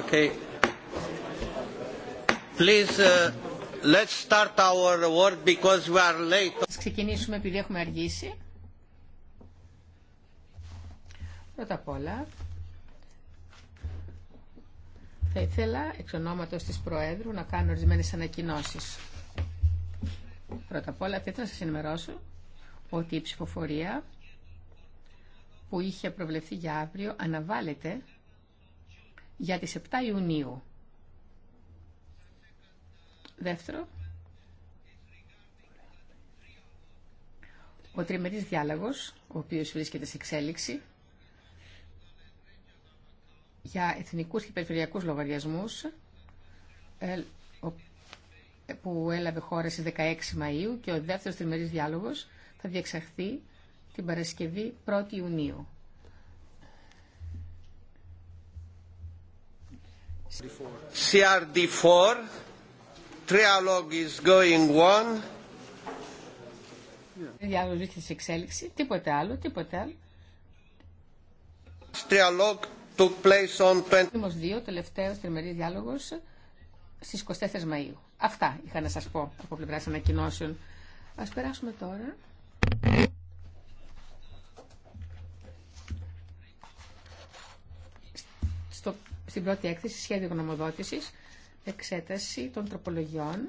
Okay. Please, uh, let's start our work because we are late. ξεκινήσουμε επειδή έχουμε αργήσει. Πρώτα απ' όλα, θα ήθελα εξ ονόματος της Προέδρου να κάνω ορισμένες ανακοινώσεις. Πρώτα απ' όλα, θα ήθελα να σας ενημερώσω ότι η ψηφοφορία που είχε προβλεφθεί για αύριο αναβάλλεται για τις 7 Ιουνίου. Δεύτερο, ο τριμερής διάλογος, ο οποίος βρίσκεται σε εξέλιξη, για εθνικούς και περιφερειακούς λογαριασμούς, ε, που έλαβε χώρα στις 16 Μαΐου και ο δεύτερος τριμερής διάλογος θα διεξαχθεί την Παρασκευή 1η Ιουνίου. CRD4, trialogue is going on. Διάλογος βρίσκεται σε εξέλιξη, τίποτε άλλο, τίποτε άλλο. Trialogue took place on 20... 2, τελευταίο τριμερής διάλογο στι 24 Μαου. Αυτά είχα να σα πω από πλευρά ανακοινώσεων. Α περάσουμε τώρα στην πρώτη έκθεση σχέδιο γνωμοδότησης, εξέταση των τροπολογιών.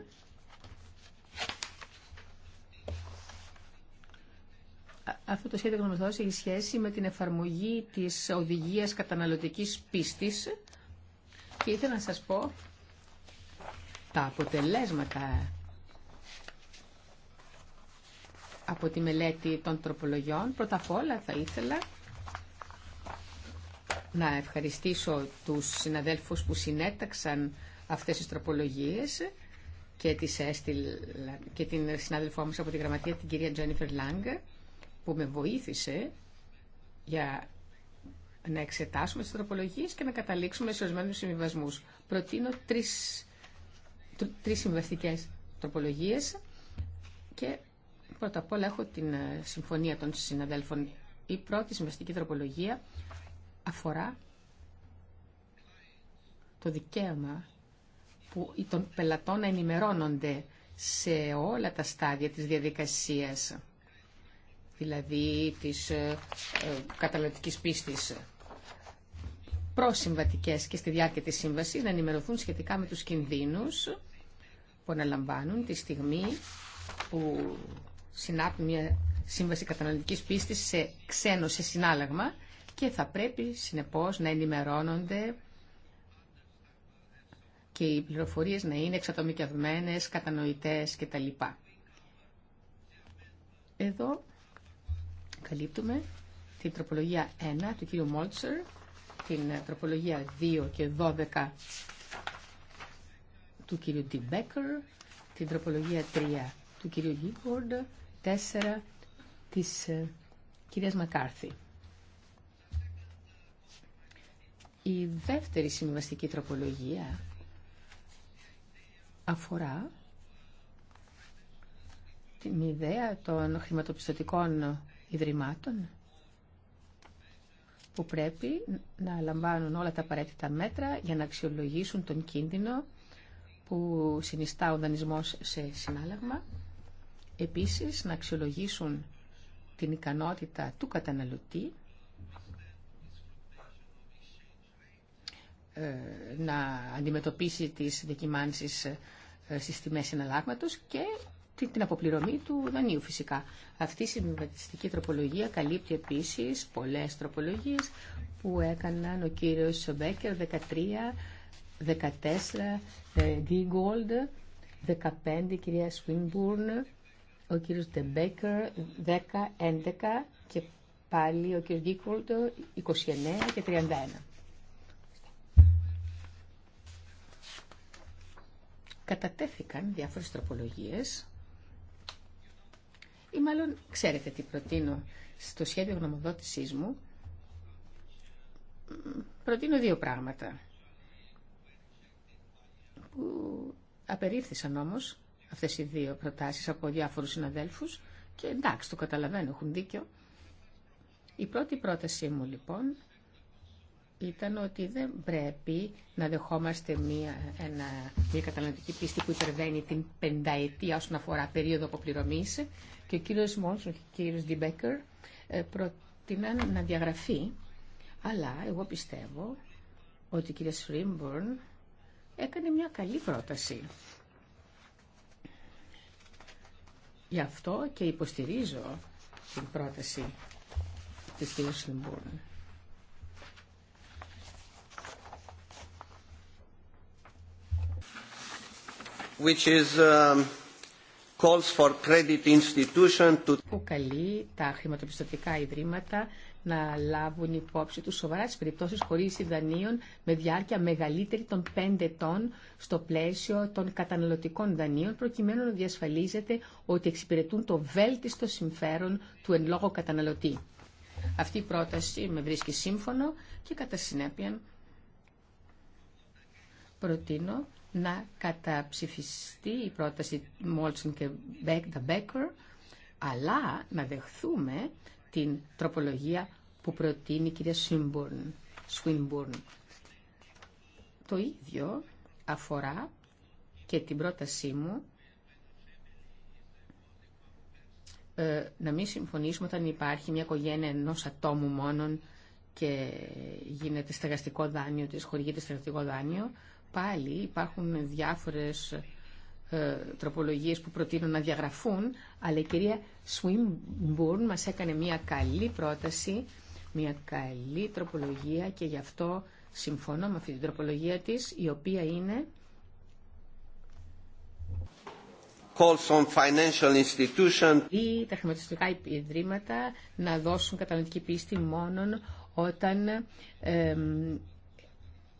Αυτό το σχέδιο γνωμοδότησης έχει σχέση με την εφαρμογή της οδηγίας καταναλωτικής πίστης και ήθελα να σας πω τα αποτελέσματα από τη μελέτη των τροπολογιών. Πρώτα απ' όλα θα ήθελα να ευχαριστήσω τους συναδέλφους που συνέταξαν αυτές τις τροπολογίες και, τις και την συνάδελφό μας από τη γραμματεία, την κυρία Τζένιφερ Λάγκ, που με βοήθησε για να εξετάσουμε τις τροπολογίες και να καταλήξουμε σε ορισμένους συμβιβασμού. Προτείνω τρεις, τρεις συμβαστικές τροπολογίες και πρώτα απ' όλα έχω την ε, συμφωνία των συναδέλφων. Η πρώτη συμβαστική τροπολογία αφορά το δικαίωμα που των πελατών να ενημερώνονται σε όλα τα στάδια της διαδικασίας, δηλαδή της ε, ε, καταναλωτικής πίστης προσυμβατικές και στη διάρκεια της σύμβασης να ενημερωθούν σχετικά με τους κινδύνους που αναλαμβάνουν τη στιγμή που συνάπτουν μια σύμβαση καταναλωτικής πίστης σε ξένο, σε συνάλλαγμα και θα πρέπει συνεπώς να ενημερώνονται και οι πληροφορίες να είναι εξατομικευμένες, κατανοητές κτλ. Εδώ καλύπτουμε την τροπολογία 1 του κ. Μόλτσερ, την τροπολογία 2 και 12 του κ. Ντιμπέκερ, την τροπολογία 3 του κ. Γίγκορντ, 4 της ε, κυρίας Μακάρθη. Η δεύτερη συμβαστική τροπολογία αφορά την ιδέα των χρηματοπιστωτικών ιδρυμάτων που πρέπει να λαμβάνουν όλα τα απαραίτητα μέτρα για να αξιολογήσουν τον κίνδυνο που συνιστά ο δανεισμός σε συνάλλαγμα. Επίσης, να αξιολογήσουν την ικανότητα του καταναλωτή Ε, να αντιμετωπίσει τις δοκιμάνσεις ε, στις τιμές εναλλάγματος και την αποπληρωμή του δανείου φυσικά. Αυτή η συμβατιστική τροπολογία καλύπτει επίσης πολλές τροπολογίες που έκαναν ο κύριος Μπέκερ 13, 14, Δίγκολντ, 15 κυρία Σουίνμπουρν, ο κύριος Ντεμπέκερ 10, 11 και πάλι ο κύριος Δίγκολντ 29 και 31. κατατέθηκαν διάφορες τροπολογίες ή μάλλον ξέρετε τι προτείνω στο σχέδιο γνωμοδότησής μου προτείνω δύο πράγματα που απερίφθησαν όμως αυτές οι δύο προτάσεις από διάφορους συναδέλφους και εντάξει το καταλαβαίνω έχουν δίκιο η πρώτη πρότασή μου λοιπόν ήταν ότι δεν πρέπει να δεχόμαστε μια, ένα, μια καταναλωτική πίστη που υπερβαίνει την πενταετία όσον αφορά περίοδο αποπληρωμής και ο κύριος και ο κύριο Ντιμπέκερ ε, προτείναν να διαγραφεί αλλά εγώ πιστεύω ότι η κυρία Σφρίμπορν έκανε μια καλή πρόταση. Γι' αυτό και υποστηρίζω την πρόταση της κυρίας Σφρίμπορν. which um, που καλεί τα χρηματοπιστωτικά ιδρύματα να λάβουν υπόψη τους σοβαρά τις περιπτώσεις χωρίς δανείων με διάρκεια μεγαλύτερη των πέντε ετών στο πλαίσιο των καταναλωτικών δανείων προκειμένου να διασφαλίζεται ότι εξυπηρετούν το βέλτιστο συμφέρον του εν λόγω καταναλωτή. Αυτή η πρόταση με βρίσκει σύμφωνο και κατά συνέπεια προτείνω να καταψηφιστεί η πρόταση Μόλτσον και Μπέκτα αλλά να δεχθούμε την τροπολογία που προτείνει η κυρία Σουίνμπουρν. Το ίδιο αφορά και την πρότασή μου ε, να μην συμφωνήσουμε όταν υπάρχει μια οικογένεια ενός ατόμου μόνον και γίνεται στεγαστικό δάνειο, της χορηγείται στεγαστικό δάνειο, πάλι υπάρχουν διάφορες ε, τροπολογίες που προτείνουν να διαγραφούν, αλλά η κυρία Σουίμπουρν μας έκανε μια καλή πρόταση, μια καλή τροπολογία και γι' αυτό συμφωνώ με αυτή την τροπολογία της, η οποία είναι... financial Ή τα χρηματιστικά ιδρύματα να δώσουν κατανοητική πίστη μόνον όταν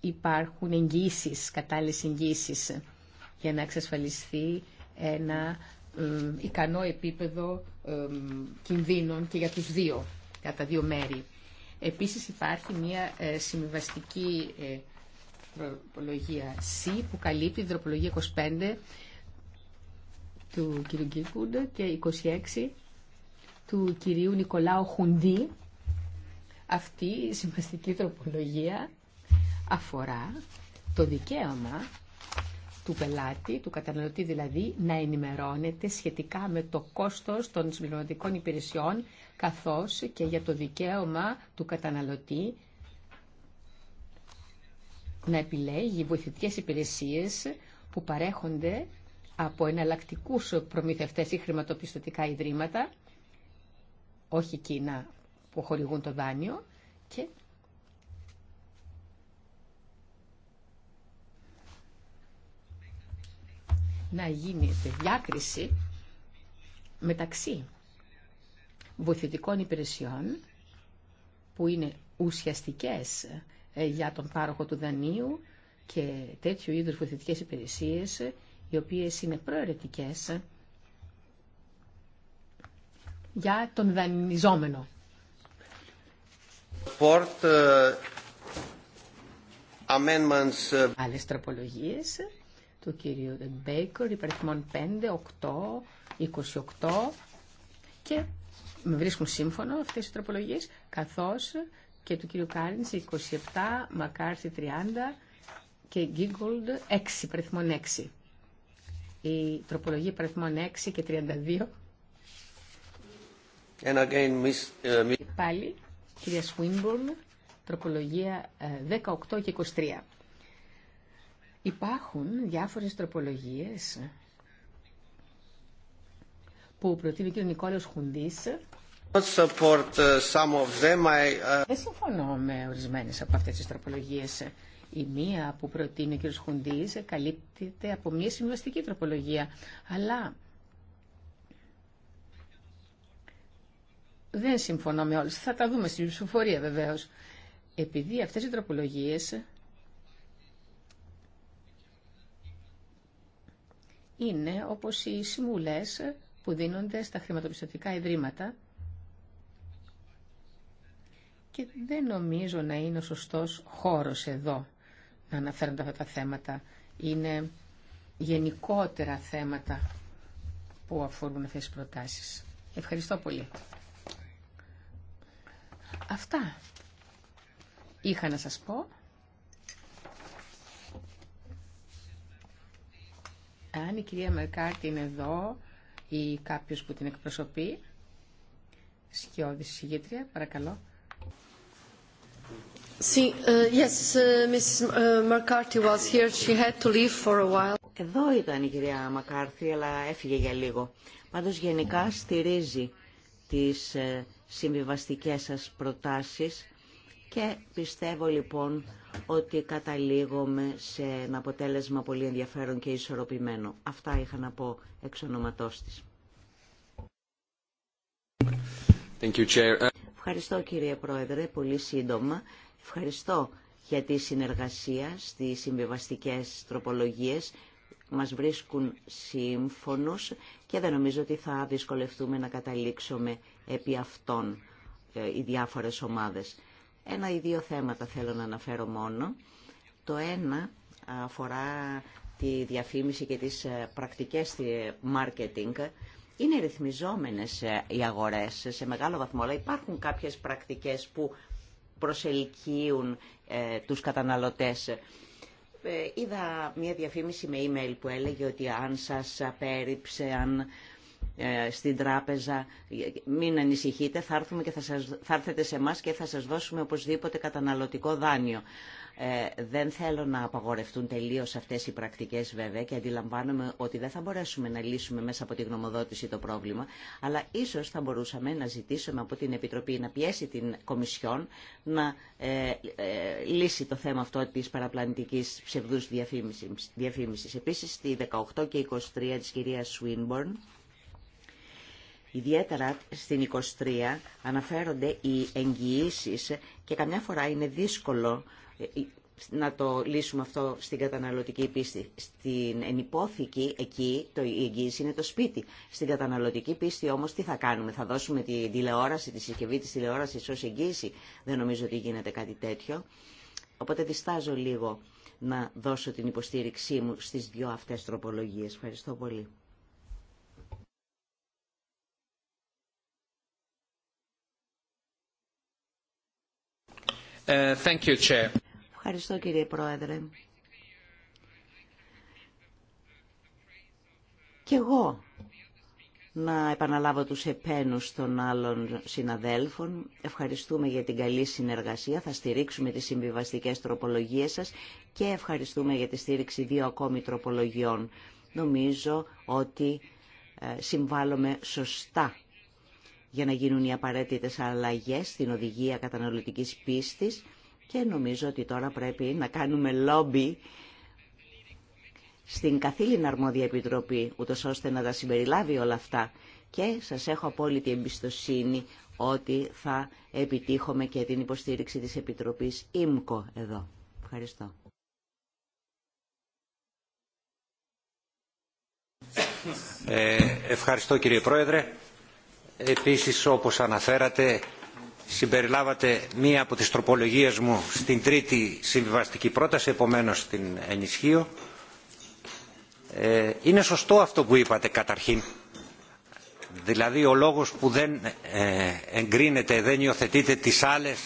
υπάρχουν εγγύσεις, κατάλληλες εγγύσεις για να εξασφαλιστεί ένα ικανό επίπεδο κινδύνων και για τους δύο, για τα δύο μέρη. Επίσης υπάρχει μια ε, συμβιβαστική ε, τροπολογία C που καλύπτει την τροπολογία 25 του κ. Γκίφουντ και 26 του κυρίου Νικολάου Χουντή. Αυτή η συμβαστική τροπολογία αφορά το δικαίωμα του πελάτη, του καταναλωτή δηλαδή, να ενημερώνεται σχετικά με το κόστος των συμπληρωματικών υπηρεσιών, καθώς και για το δικαίωμα του καταναλωτή να επιλέγει βοηθητικές υπηρεσίες που παρέχονται από εναλλακτικού προμηθευτές ή χρηματοπιστωτικά ιδρύματα, όχι εκείνα που χορηγούν το δάνειο, να γίνεται διάκριση μεταξύ βοηθητικών υπηρεσιών που είναι ουσιαστικές ε, για τον πάροχο του δανείου και τέτοιου είδους βοηθητικές υπηρεσίες οι οποίες είναι προαιρετικές για τον δανειζόμενο. Port, ε, amendments, ε, του κυρίου Μπέικορ, υπαριθμών 5, 8, 28 και με βρίσκουν σύμφωνο αυτές οι τροπολογίες, καθώς και του κύριου Κάρινς 27, Μακάρθη 30 και Γκίγκολντ 6, υπαριθμών 6. Η τροπολογία υπαριθμών 6 και 32. And again, miss, uh, Πάλι, κυρία Σουίμπορν, τροπολογία 18 ε, και 23. Υπάρχουν διάφορες τροπολογίες που προτείνει ο κ. Νικόλαος Χουντής. Uh, uh, δεν συμφωνώ με ορισμένες από αυτές τις τροπολογίες. Η μία που προτείνει ο κ. Χουντής καλύπτεται από μια συμβαστική τροπολογία. Αλλά δεν συμφωνώ με όλες. Θα τα δούμε στην ψηφοφορία βεβαίως. Επειδή αυτές οι τροπολογίες είναι όπως οι συμβουλές που δίνονται στα χρηματοπιστωτικά ιδρύματα και δεν νομίζω να είναι ο σωστός χώρος εδώ να αναφέρονται αυτά τα θέματα. Είναι γενικότερα θέματα που αφορούν αυτές τις προτάσεις. Ευχαριστώ πολύ. Αυτά είχα να σας πω. Αν η κυρία Μερκάρτη είναι εδώ ή κάποιος που την εκπροσωπεί, σκιώδη συγγήτρια, παρακαλώ. Εδώ ήταν η κυρία Μακάρθη, αλλά έφυγε για λίγο. Πάντως γενικά στηρίζει τις ε, συμβιβαστικές σας προτάσεις και πιστεύω λοιπόν ότι καταλήγουμε σε ένα αποτέλεσμα πολύ ενδιαφέρον και ισορροπημένο. Αυτά είχα να πω εξ ονοματός της. Thank you, Chair. Ευχαριστώ κύριε Πρόεδρε, πολύ σύντομα. Ευχαριστώ για τη συνεργασία στις συμβιβαστικές τροπολογίες. Μας βρίσκουν σύμφωνος και δεν νομίζω ότι θα δυσκολευτούμε να καταλήξουμε επί αυτών ε, οι διάφορες ομάδες. Ένα ή δύο θέματα θέλω να αναφέρω μόνο. Το ένα αφορά τη διαφήμιση και τις ε, πρακτικές marketing. Είναι ρυθμιζόμενες ε, οι αγορές σε μεγάλο βαθμό, αλλά υπάρχουν κάποιες πρακτικές που προσελκύουν ε, τους καταναλωτές. είδα μια διαφήμιση με email που έλεγε ότι αν σας απέρριψε, αν ε, στην τράπεζα. Μην ανησυχείτε, θα, και θα, σας, θα έρθετε σε εμά και θα σας δώσουμε οπωσδήποτε καταναλωτικό δάνειο. Ε, δεν θέλω να απαγορευτούν τελείως αυτές οι πρακτικές βέβαια και αντιλαμβάνομαι ότι δεν θα μπορέσουμε να λύσουμε μέσα από τη γνωμοδότηση το πρόβλημα, αλλά ίσως θα μπορούσαμε να ζητήσουμε από την Επιτροπή να πιέσει την Κομισιόν να ε, λύσει το θέμα αυτό της παραπλανητικής ψευδούς διαφήμισης. Επίσης, στη 18 και 23 της κυρίας Σουίνμπορν, Ιδιαίτερα στην 23 αναφέρονται οι εγγυήσει και καμιά φορά είναι δύσκολο ε, ε, να το λύσουμε αυτό στην καταναλωτική πίστη. Στην ενυπόθηκη εκεί το, η εγγύηση είναι το σπίτι. Στην καταναλωτική πίστη όμως τι θα κάνουμε. Θα δώσουμε τη τηλεόραση, τη συσκευή της τηλεόρασης ως εγγύηση. Δεν νομίζω ότι γίνεται κάτι τέτοιο. Οπότε διστάζω λίγο να δώσω την υποστήριξή μου στις δυο αυτές τροπολογίες. Ευχαριστώ πολύ. Ε, Ευχαριστώ κύριε Πρόεδρε. Κι εγώ να επαναλάβω τους επένους των άλλων συναδέλφων. Ευχαριστούμε για την καλή συνεργασία. Θα στηρίξουμε τις συμβιβαστικές τροπολογίες σας και ευχαριστούμε για τη στήριξη δύο ακόμη τροπολογιών. Νομίζω ότι ε, συμβάλλουμε σωστά για να γίνουν οι απαραίτητες αλλαγές στην οδηγία καταναλωτικής πίστης και νομίζω ότι τώρα πρέπει να κάνουμε λόμπι στην καθήλυνα αρμόδια επιτροπή, ούτως ώστε να τα συμπεριλάβει όλα αυτά. Και σας έχω απόλυτη εμπιστοσύνη ότι θα επιτύχουμε και την υποστήριξη της Επιτροπής ΙΜΚΟ εδώ. Ευχαριστώ. Ε, ευχαριστώ κύριε Πρόεδρε. Επίσης, όπως αναφέρατε, συμπεριλάβατε μία από τις τροπολογίες μου στην τρίτη συμβιβαστική πρόταση, επομένως την ενισχύω. Ε, είναι σωστό αυτό που είπατε καταρχήν. Δηλαδή ο λόγος που δεν ε, εγκρίνεται, δεν υιοθετείτε τις άλλες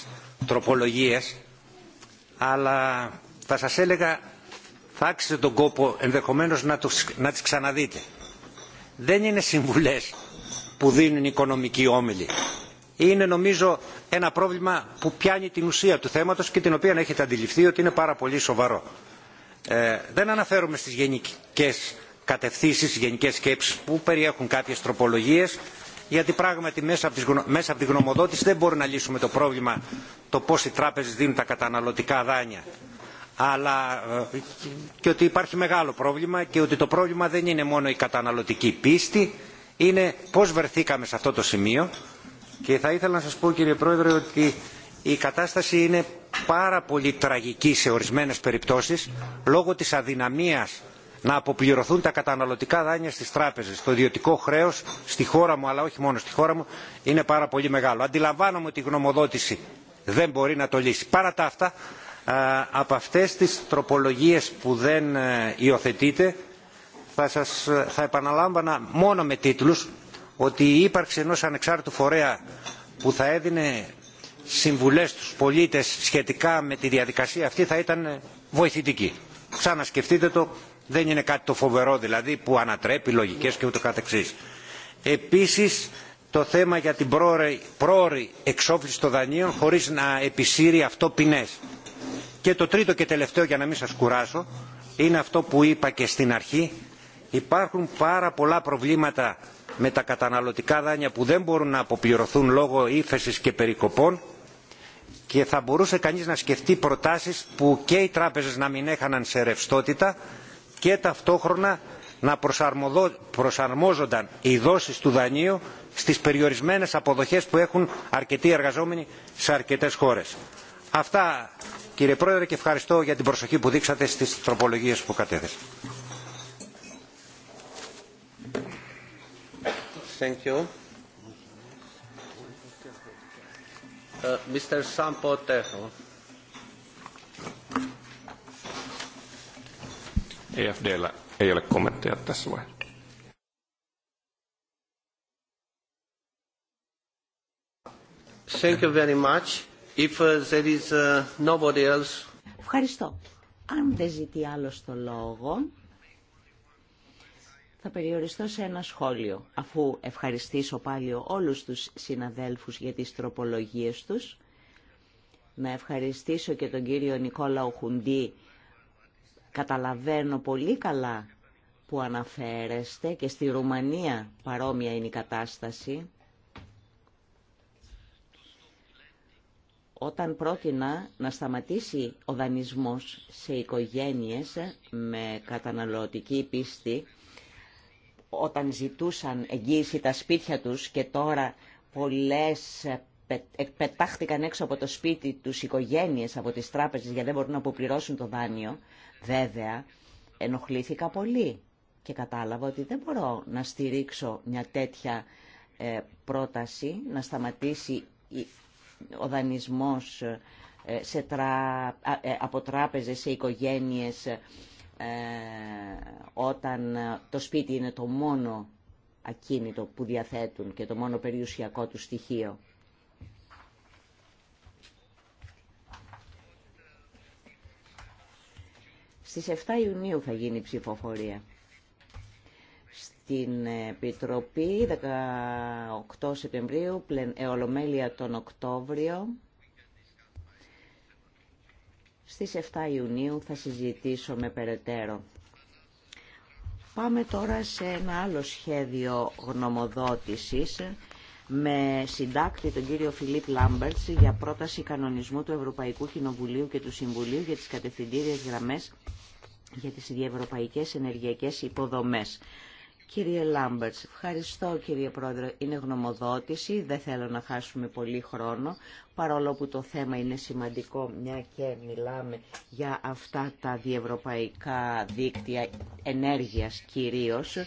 τροπολογίες, αλλά θα σας έλεγα θα άξιζε τον κόπο ενδεχομένως να, τους, να τις ξαναδείτε. Δεν είναι συμβουλές που δίνουν οι οικονομικοί όμιλοι. Είναι νομίζω ένα πρόβλημα που πιάνει την ουσία του θέματος και την οποία έχετε αντιληφθεί ότι είναι πάρα πολύ σοβαρό. Ε, δεν αναφέρομαι στις γενικές κατευθύνσεις, στις γενικές σκέψεις που περιέχουν κάποιες τροπολογίες γιατί πράγματι μέσα από τη γνωμοδότηση δεν μπορούμε να λύσουμε το πρόβλημα το πώς οι τράπεζες δίνουν τα καταναλωτικά δάνεια αλλά ε, και ότι υπάρχει μεγάλο πρόβλημα και ότι το πρόβλημα δεν είναι μόνο η καταναλωτική πίστη είναι πώς βρεθήκαμε σε αυτό το σημείο και θα ήθελα να σας πω κύριε Πρόεδρε ότι η κατάσταση είναι πάρα πολύ τραγική σε ορισμένες περιπτώσεις λόγω της αδυναμίας να αποπληρωθούν τα καταναλωτικά δάνεια στις τράπεζες. Το ιδιωτικό χρέος στη χώρα μου αλλά όχι μόνο στη χώρα μου είναι πάρα πολύ μεγάλο. Αντιλαμβάνομαι ότι η γνωμοδότηση δεν μπορεί να το λύσει. Παρά τα αυτά από αυτές τις τροπολογίες που δεν ε, υιοθετείται θα, σας, θα επαναλάμβανα μόνο με τίτλους ότι η ύπαρξη ενός ανεξάρτητου φορέα που θα έδινε συμβουλές στους πολίτες σχετικά με τη διαδικασία αυτή θα ήταν βοηθητική. Ξανασκεφτείτε το, δεν είναι κάτι το φοβερό δηλαδή που ανατρέπει λογικές και ούτω καθεξής. Επίσης το θέμα για την πρόορη, εξόφληση των δανείων χωρίς να επισύρει αυτό ποινές. Και το τρίτο και τελευταίο για να μην σας κουράσω είναι αυτό που είπα και στην αρχή υπάρχουν πάρα πολλά προβλήματα με τα καταναλωτικά δάνεια που δεν μπορούν να αποπληρωθούν λόγω ύφεση και περικοπών και θα μπορούσε κανείς να σκεφτεί προτάσεις που και οι τράπεζες να μην έχαναν σε ρευστότητα και ταυτόχρονα να προσαρμόζονταν οι δόσεις του δανείου στις περιορισμένες αποδοχές που έχουν αρκετοί εργαζόμενοι σε αρκετές χώρες. Αυτά κύριε Πρόεδρε και ευχαριστώ για την προσοχή που δείξατε στις τροπολογίες που κατέθεσα. Thank you. Mr. Sampo Teho. EFDllä ei ole kommentteja tässä vaiheessa. Thank you very much. If there is nobody else. Ευχαριστώ. Αν δεν ζητεί άλλο το λόγο, θα περιοριστώ σε ένα σχόλιο, αφού ευχαριστήσω πάλι όλους τους συναδέλφους για τις τροπολογίες τους. Να ευχαριστήσω και τον κύριο Νικόλα Οχουντή. Καταλαβαίνω πολύ καλά που αναφέρεστε και στη Ρουμανία παρόμοια είναι η κατάσταση. Όταν πρότεινα να σταματήσει ο δανεισμός σε οικογένειες με καταναλωτική πίστη, όταν ζητούσαν εγγύηση τα σπίτια τους και τώρα πολλές πετάχτηκαν έξω από το σπίτι τους οικογένειες από τις τράπεζες γιατί δεν μπορούν να αποπληρώσουν το δάνειο, βέβαια ενοχλήθηκα πολύ και κατάλαβα ότι δεν μπορώ να στηρίξω μια τέτοια ε, πρόταση να σταματήσει ο δανεισμός ε, σε τρα... Ε, από τράπεζες σε οικογένειες ε, όταν ε, το σπίτι είναι το μόνο ακίνητο που διαθέτουν και το μόνο περιουσιακό του στοιχείο. Στις 7 Ιουνίου θα γίνει η ψηφοφορία. Στην Επιτροπή 18 Σεπτεμβρίου, εολομέλεια ε, τον Οκτώβριο, στις 7 Ιουνίου θα συζητήσουμε περαιτέρω. Πάμε τώρα σε ένα άλλο σχέδιο γνωμοδότησης με συντάκτη τον κύριο Φιλίπ Λάμπερτς για πρόταση κανονισμού του Ευρωπαϊκού Κοινοβουλίου και του Συμβουλίου για τις κατευθυντήριες γραμμές για τις διευρωπαϊκές ενεργειακές υποδομές. Κύριε Λάμπερτς, ευχαριστώ κύριε Πρόεδρε. Είναι γνωμοδότηση, δεν θέλω να χάσουμε πολύ χρόνο, παρόλο που το θέμα είναι σημαντικό, μια και μιλάμε για αυτά τα διευρωπαϊκά δίκτυα ενέργειας κυρίως,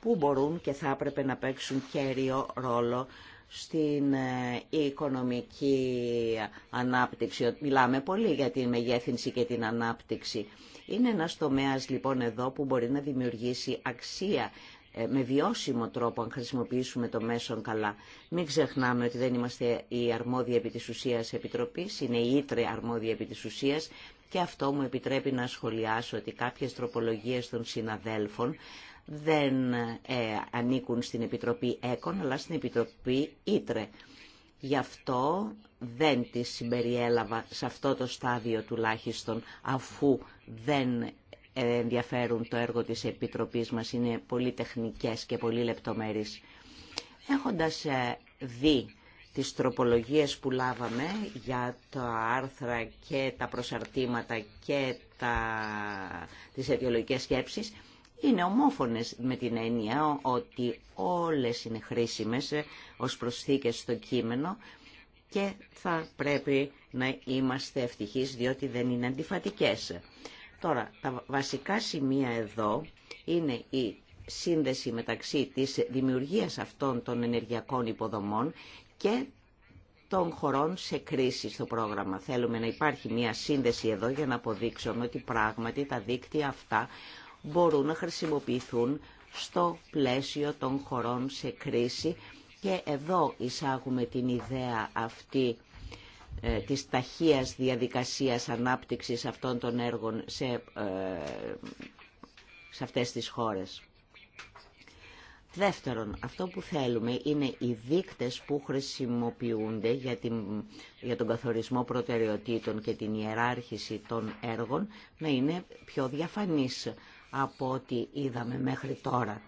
που μπορούν και θα έπρεπε να παίξουν κέριο ρόλο στην ε, οικονομική ανάπτυξη. Μιλάμε πολύ για την μεγέθυνση και την ανάπτυξη. Είναι ένας τομέας λοιπόν εδώ που μπορεί να δημιουργήσει αξία ε, με βιώσιμο τρόπο αν χρησιμοποιήσουμε το μέσον καλά. Μην ξεχνάμε ότι δεν είμαστε η αρμόδια επί της ουσίας επιτροπής, είναι η ήτρε αρμόδια επί της ουσίας και αυτό μου επιτρέπει να σχολιάσω ότι κάποιες τροπολογίες των συναδέλφων δεν ε, ανήκουν στην Επιτροπή ΕΚΟΝ αλλά στην Επιτροπή ΙΤΡΕ. Γι' αυτό δεν τη συμπεριέλαβα σε αυτό το στάδιο τουλάχιστον, αφού δεν ενδιαφέρουν το έργο της Επιτροπής μας, είναι πολύ τεχνικές και πολύ λεπτομέρειες. Έχοντας ε, δει τις τροπολογίες που λάβαμε για τα άρθρα και τα προσαρτήματα και τα... τις αιτιολογικές σκέψεις, είναι ομόφωνες με την έννοια ότι όλες είναι χρήσιμες ε, ως προσθήκες στο κείμενο και θα πρέπει να είμαστε ευτυχείς διότι δεν είναι αντιφατικές. Τώρα, τα βασικά σημεία εδώ είναι η σύνδεση μεταξύ της δημιουργίας αυτών των ενεργειακών υποδομών και των χωρών σε κρίση στο πρόγραμμα. Θέλουμε να υπάρχει μια σύνδεση εδώ για να αποδείξουμε ότι πράγματι τα δίκτυα αυτά μπορούν να χρησιμοποιηθούν στο πλαίσιο των χωρών σε κρίση και εδώ εισάγουμε την ιδέα αυτή ε, της ταχείας διαδικασίας ανάπτυξης αυτών των έργων σε, ε, σε αυτές τις χώρες. Δεύτερον, αυτό που θέλουμε είναι οι δείκτες που χρησιμοποιούνται για, την, για τον καθορισμό προτεραιοτήτων και την ιεράρχηση των έργων να είναι πιο διαφανείς από ό,τι είδαμε μέχρι τώρα.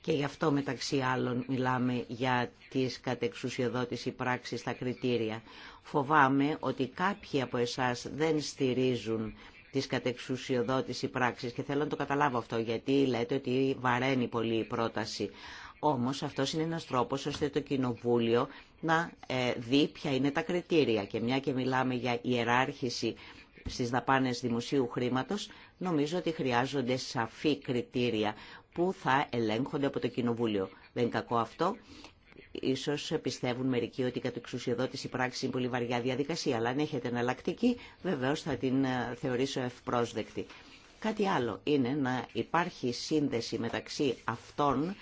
Και γι' αυτό μεταξύ άλλων μιλάμε για τις κατεξουσιοδότηση πράξεις στα κριτήρια. Φοβάμαι ότι κάποιοι από εσάς δεν στηρίζουν τις κατεξουσιοδότηση πράξεις και θέλω να το καταλάβω αυτό γιατί λέτε ότι βαραίνει πολύ η πρόταση. Όμως αυτός είναι ένας τρόπος ώστε το Κοινοβούλιο να ε, δει ποια είναι τα κριτήρια και μια και μιλάμε για ιεράρχηση στις δαπάνες δημοσίου χρήματος νομίζω ότι χρειάζονται σαφή κριτήρια που θα ελέγχονται από το Κοινοβούλιο. Δεν είναι κακό αυτό. Ίσως πιστεύουν μερικοί ότι η κατεξουσιοδότηση πράξη είναι πολύ βαριά διαδικασία, αλλά αν έχετε εναλλακτική, βεβαίως θα την ε, θεωρήσω ευπρόσδεκτη. Κάτι άλλο είναι να υπάρχει σύνδεση μεταξύ αυτών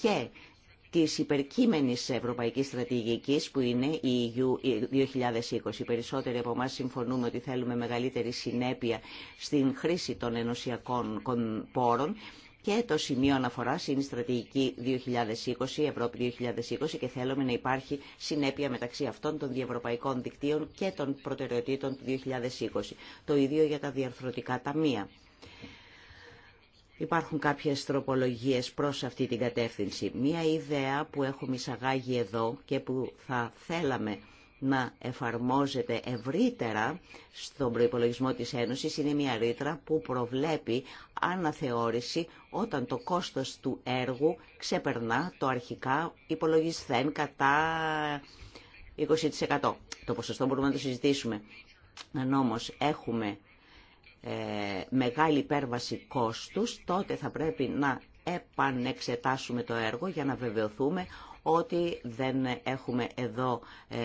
και της υπερκείμενης ευρωπαϊκής στρατηγικής που είναι η EU 2020. Περισσότεροι από εμά συμφωνούμε ότι θέλουμε μεγαλύτερη συνέπεια στην χρήση των ενωσιακών πόρων και το σημείο αναφορά είναι η στρατηγική 2020, Ευρώπη 2020 και θέλουμε να υπάρχει συνέπεια μεταξύ αυτών των διευρωπαϊκών δικτύων και των προτεραιοτήτων του 2020. Το ίδιο για τα διαρθρωτικά ταμεία. Υπάρχουν κάποιες τροπολογίες προς αυτή την κατεύθυνση. Μία ιδέα που έχουμε εισαγάγει εδώ και που θα θέλαμε να εφαρμόζεται ευρύτερα στον προϋπολογισμό της Ένωσης είναι μια ρήτρα που προβλέπει αναθεώρηση όταν το κόστος του έργου ξεπερνά το αρχικά υπολογισθέν κατά 20%. Το ποσοστό μπορούμε να το συζητήσουμε. Αν όμως έχουμε ε, μεγάλη υπέρβαση κόστους, τότε θα πρέπει να επανεξετάσουμε το έργο για να βεβαιωθούμε ότι δεν έχουμε εδώ ε,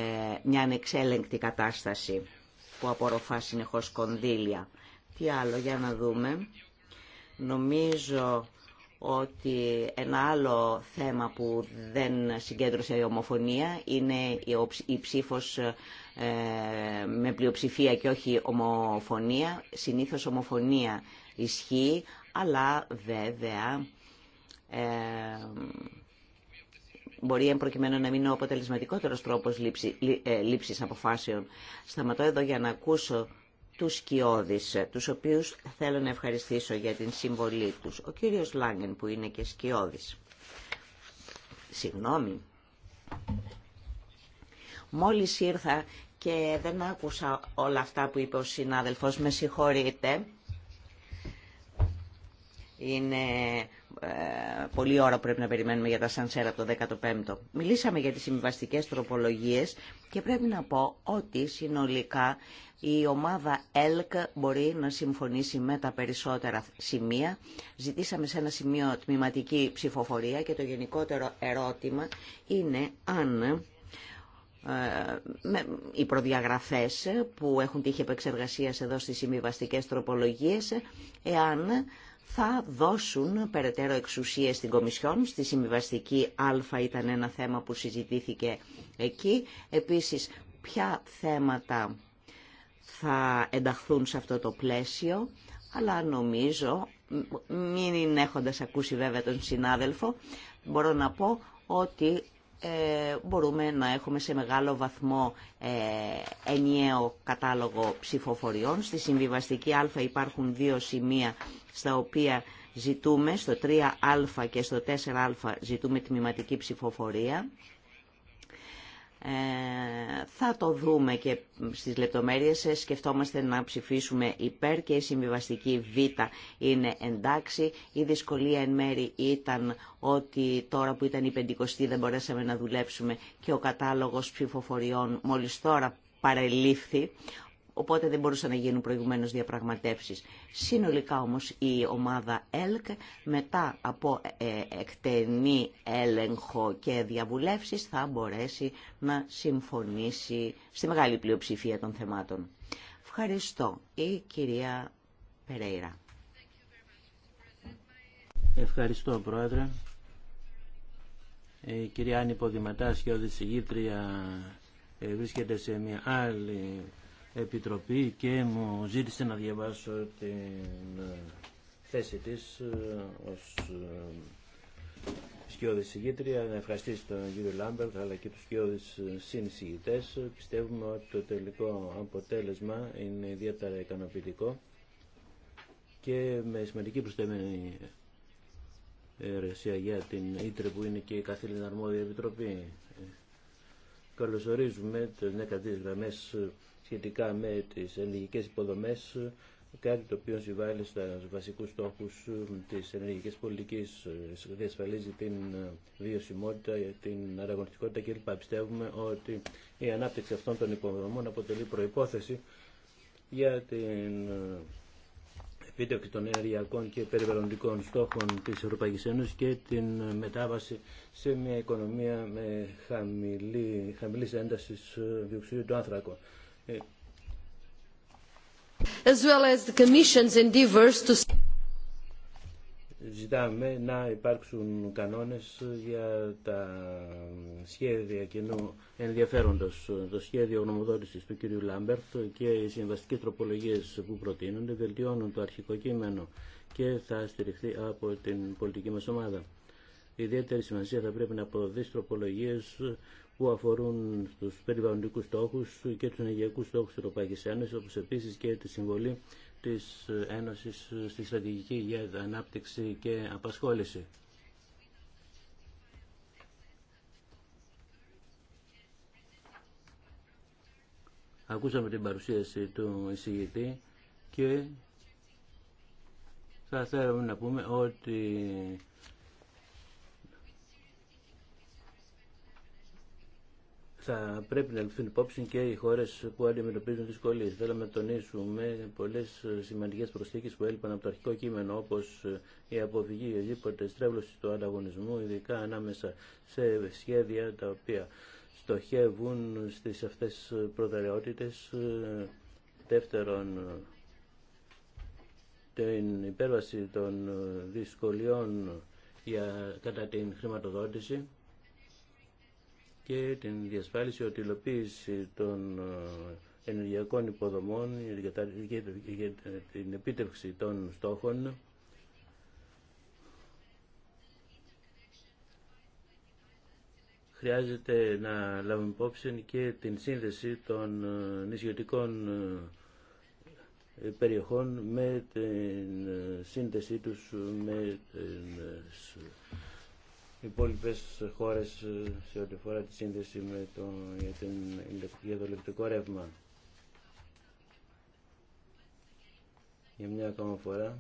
μια ανεξέλεγκτη κατάσταση που απορροφά συνεχώς κονδύλια. Τι άλλο για να δούμε. Νομίζω ότι ένα άλλο θέμα που δεν συγκέντρωσε η ομοφωνία είναι η ψήφος ε, με πλειοψηφία και όχι ομοφωνία. Συνήθως ομοφωνία ισχύει, αλλά βέβαια ε, μπορεί εν προκειμένου να μην είναι ο αποτελεσματικότερος τρόπος ε, λήψης αποφάσεων. Σταματώ εδώ για να ακούσω τους Σκιώδης, τους οποίους θέλω να ευχαριστήσω για την συμβολή τους. Ο κύριος Λάγκεν που είναι και Σκιώδης. Συγγνώμη. Μόλις ήρθα και δεν άκουσα όλα αυτά που είπε ο συνάδελφος, με συγχωρείτε. Είναι ε, πολλή ώρα πρέπει να περιμένουμε για τα σανσέρα από το 15ο. Μιλήσαμε για τις συμβαστικές τροπολογίες και πρέπει να πω ότι συνολικά η ομάδα ΕΛΚ μπορεί να συμφωνήσει με τα περισσότερα σημεία. Ζητήσαμε σε ένα σημείο τμηματική ψηφοφορία και το γενικότερο ερώτημα είναι αν ε, οι προδιαγραφές που έχουν τύχει επεξεργασία εδώ στις συμβιβαστικές τροπολογίες, εάν θα δώσουν περαιτέρω εξουσίες στην Κομισιόν. Στη συμβιβαστική Α ήταν ένα θέμα που συζητήθηκε εκεί. Επίσης, ποια θέματα θα ενταχθούν σε αυτό το πλαίσιο, αλλά νομίζω, μην έχοντας ακούσει βέβαια τον συνάδελφο, μπορώ να πω ότι ε, μπορούμε να έχουμε σε μεγάλο βαθμό ε, ενιαίο κατάλογο ψηφοφοριών. Στη συμβιβαστική α υπάρχουν δύο σημεία στα οποία ζητούμε, στο 3α και στο 4α ζητούμε τμηματική ψηφοφορία. Ε, θα το δούμε και στις λεπτομέρειες. Ε, σκεφτόμαστε να ψηφίσουμε υπέρ και η συμβιβαστική Β είναι εντάξει. Η δυσκολία εν μέρη ήταν ότι τώρα που ήταν η πεντηκοστή δεν μπορέσαμε να δουλέψουμε και ο κατάλογος ψηφοφοριών μόλις τώρα παρελήφθη οπότε δεν μπορούσαν να γίνουν προηγουμένως διαπραγματεύσεις. Συνολικά όμως η ομάδα ΕΛΚ μετά από ε, ε, εκτενή έλεγχο και διαβουλεύσεις θα μπορέσει να συμφωνήσει στη μεγάλη πλειοψηφία των θεμάτων. Ευχαριστώ. Η κυρία Περέιρα. Ευχαριστώ, Πρόεδρε. Η ε, κυρία Άννη Ποδηματά, σιώδη συγγήτρια, βρίσκεται σε μια άλλη Επιτροπή και μου ζήτησε να διαβάσω την ε, θέση της ε, ως ε, σκιώδης συγκήτρια. Να ευχαριστήσω τον κύριο Λάμπερτ αλλά και τους σκιώδης συνεισηγητές. Πιστεύουμε ότι το τελικό αποτέλεσμα είναι ιδιαίτερα ικανοποιητικό και με σημαντική προστεμένη εργασία για την Ήτρε που είναι και η καθήλυνα αρμόδια επιτροπή. Καλωσορίζουμε τις νέκατες γραμμές σχετικά με τις ενεργικές υποδομές, κάτι το οποίο συμβάλλει στα βασικούς στόχους της ενεργικής πολιτικής, διασφαλίζει την βιωσιμότητα, την αραγωνιστικότητα κλπ. Πιστεύουμε ότι η ανάπτυξη αυτών των υποδομών αποτελεί προϋπόθεση για την επίτευξη των ενεργειακών και περιβαλλοντικών στόχων της Ευρωπαϊκής Ένωσης και την μετάβαση σε μια οικονομία με χαμηλή, χαμηλής έντασης διοξιδίου του άνθρακου. Ε, Ζητάμε να υπάρξουν κανόνες για τα σχέδια κοινού ενδιαφέροντος. Το σχέδιο γνωμοδότησης του κ. Λάμπερτ και οι συμβαστικές τροπολογίες που προτείνονται βελτιώνουν το αρχικό κείμενο και θα στηριχθεί από την πολιτική μας ομάδα. ιδιαίτερη σημασία θα πρέπει να αποδοθεί τροπολογίες που αφορούν τους περιβαλλοντικούς στόχου και τους ενεργειακού στόχου τη Ευρωπαϊκή ένωση, όπως επίσης και τη συμβολή της Ένωσης στη στρατηγική για ανάπτυξη και απασχόληση. Ακούσαμε την παρουσίαση του εισηγητή και θα θέλαμε να πούμε ότι θα πρέπει να ληφθούν υπόψη και οι χώρε που αντιμετωπίζουν δυσκολίε. Θέλαμε να τονίσουμε πολλέ σημαντικέ προσθήκε που έλειπαν από το αρχικό κείμενο, όπω η αποφυγή οδήποτε στρέβλωση του ανταγωνισμού, ειδικά ανάμεσα σε σχέδια τα οποία στοχεύουν στις αυτές προτεραιότητες. Δεύτερον, την υπέρβαση των δυσκολιών για, κατά την χρηματοδότηση και την διασφάλιση ότι η υλοποίηση των ε, ενεργειακών υποδομών για την επίτευξη των στόχων χρειάζεται να λάβουμε υπόψη και την σύνδεση των ε, νησιωτικών ε, περιοχών με την σύνδεσή τους με υπόλοιπε χώρε ε, σε ό,τι αφορά τη σύνδεση με το, για, την, για το ηλεκτρικό ρεύμα. Για μια ακόμα φορά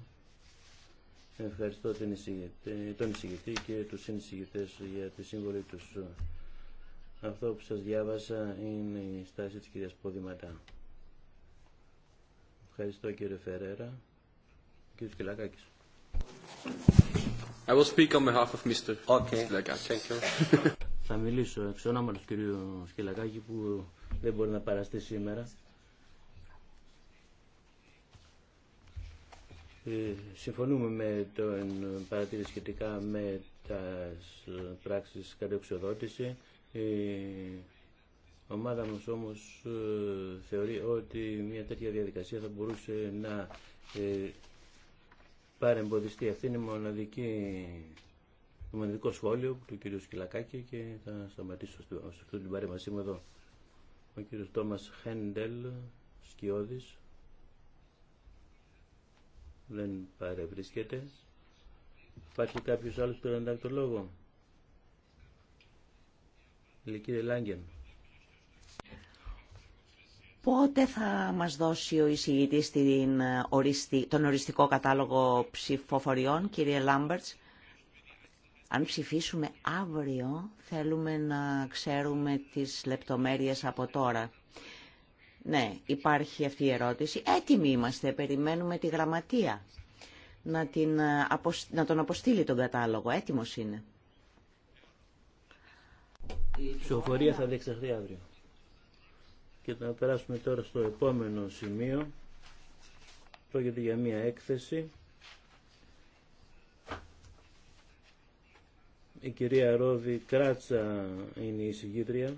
ευχαριστώ την εισηγητή, τον εισηγητή και τους συνεισηγητές για τη σύμβολή τους. Αυτό που σας διάβασα είναι η στάση της κυρίας Ποδηματά. Ευχαριστώ κύριε Φερέρα. τους Κυλακάκης. Θα μιλήσω εξ του κ. Σκυλακάκη που δεν μπορεί να παραστεί σήμερα. Ε, συμφωνούμε με τον παρατήρηση σχετικά με τα πράξεις κατεξοδότηση. Η ομάδα μας όμως ε, θεωρεί ότι μια τέτοια διαδικασία θα μπορούσε να ε, παρεμποδιστεί. Αυτή είναι η μοναδική το μοναδικό σχόλιο του κ. Σκυλακάκη και θα σταματήσω σε αυτή την παρέμβασή μου εδώ. Ο κ. Τόμας Χέντελ, σκιώδης, δεν παρευρίσκεται. Υπάρχει κάποιος άλλος που θέλει να το λόγο. Κύριε Λάγκεν. Πότε θα μας δώσει ο εισηγητής ε, τον οριστικό κατάλογο ψηφοφοριών, κύριε Λάμπερτς. Αν ψηφίσουμε αύριο, θέλουμε να ξέρουμε τις λεπτομέρειες από τώρα. Ναι, υπάρχει αυτή η ερώτηση. Έτοιμοι είμαστε, περιμένουμε τη γραμματεία να, ε, να τον αποστείλει τον κατάλογο. Έτοιμος είναι. Η ψηφοφορία θα διεξαχθεί αύριο και να περάσουμε τώρα στο επόμενο σημείο. Πρόκειται για μία έκθεση. Η κυρία Ρόβη Κράτσα είναι η συγκίτρια.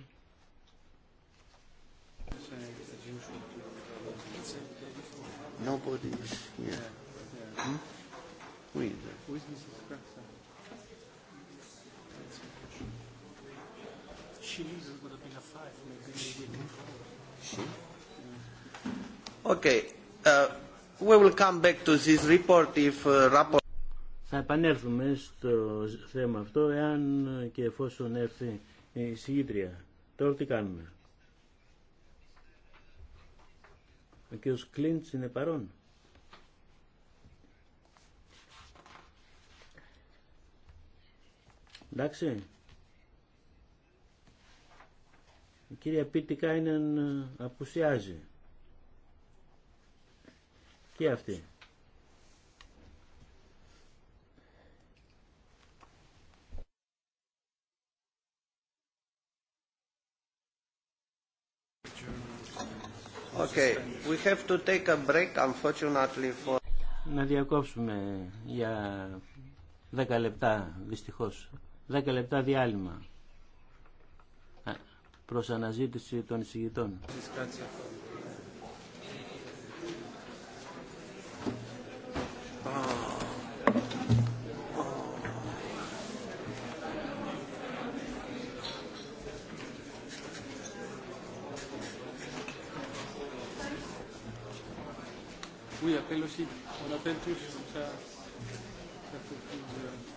Hmm? Who is θα επανέλθουμε στο θέμα αυτό εάν και εφόσον έρθει η συγκίτρια. Τώρα τι κάνουμε. Ο κ. Κλίντς είναι παρόν. Εντάξει. Η κυρία Πίτη Κάινεν ε, απουσιάζει. Και αυτή. Okay. We have to take a break, unfortunately, for... Να διακόψουμε για 10 λεπτά, δυστυχώς. 10 λεπτά διάλειμμα προς αναζήτηση των εισηγητών. Oui, appelle aussi. On appelle tous, comme ça, ça fait plus de...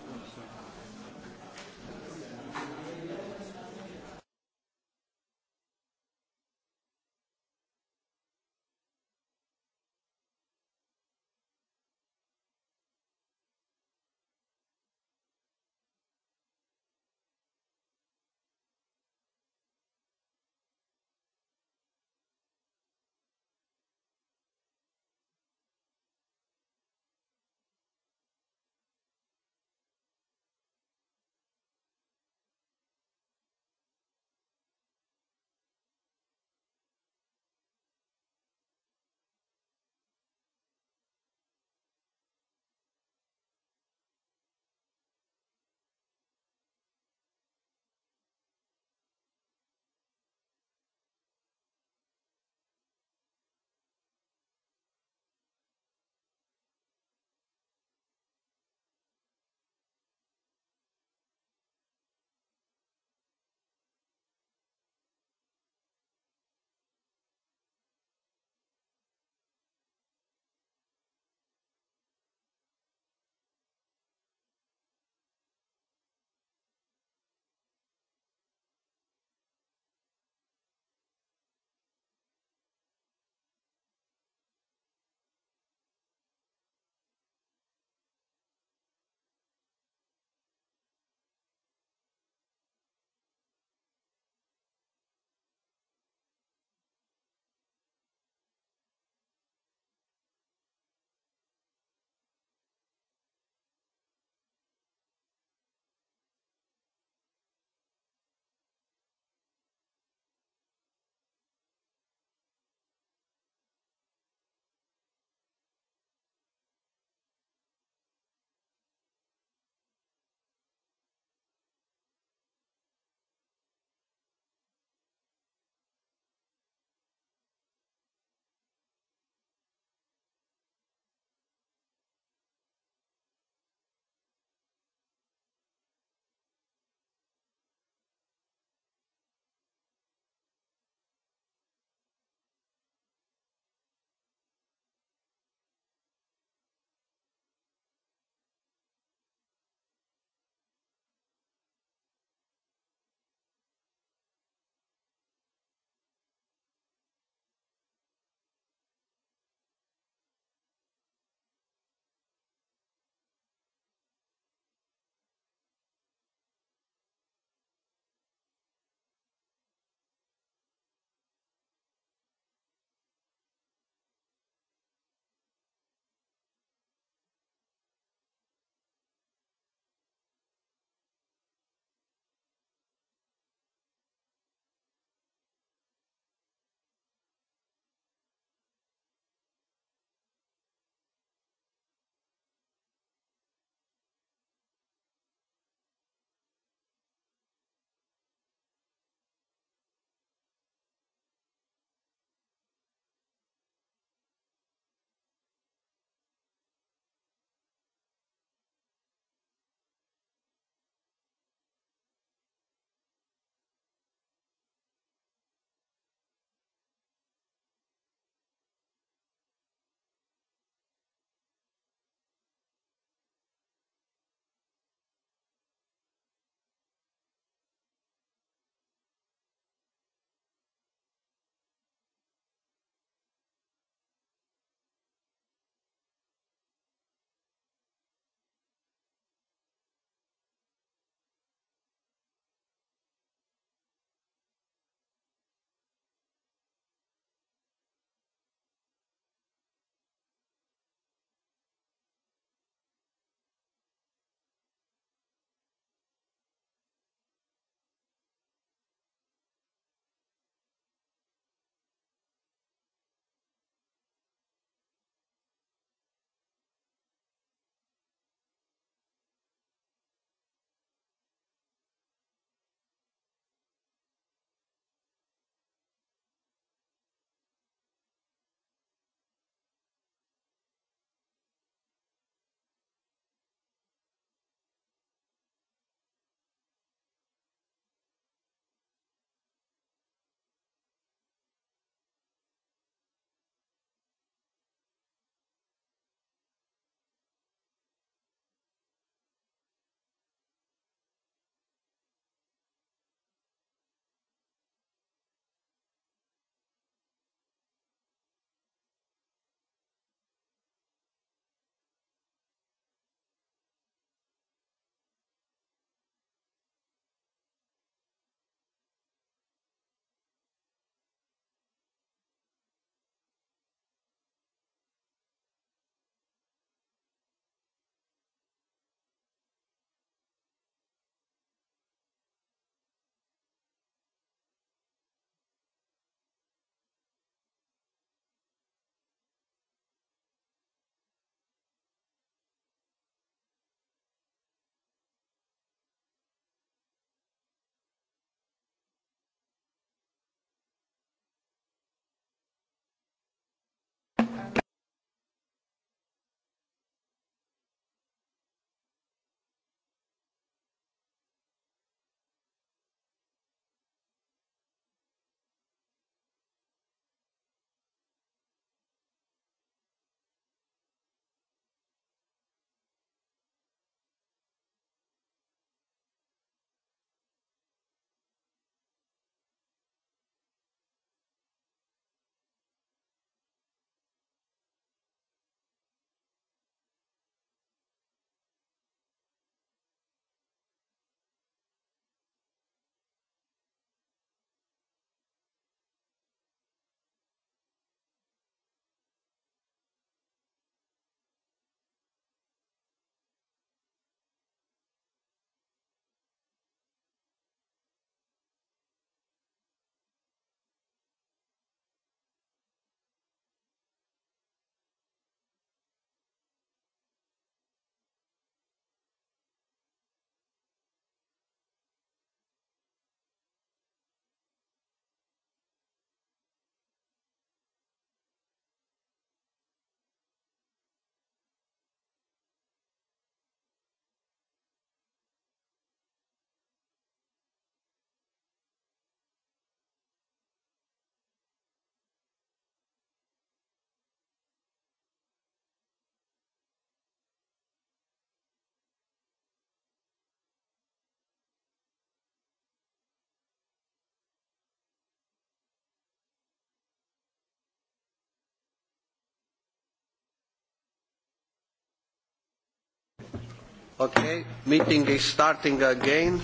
Okay, meeting starting again.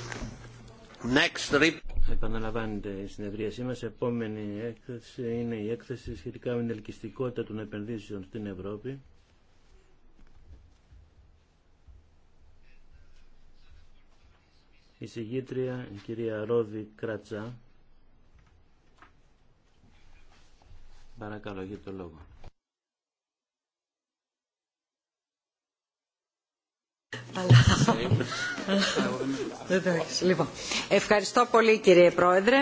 Next... Επαναλαμβάνεται η συνεδρίασή μα Επόμενη έκθεση είναι η έκθεση σχετικά με την ελκυστικότητα των επενδύσεων στην Ευρώπη. Η συγγήτρια, η κυρία Ρόδη Κρατσά. Παρακαλώ, για το λόγο. Λοιπόν, ευχαριστώ πολύ κύριε Πρόεδρε.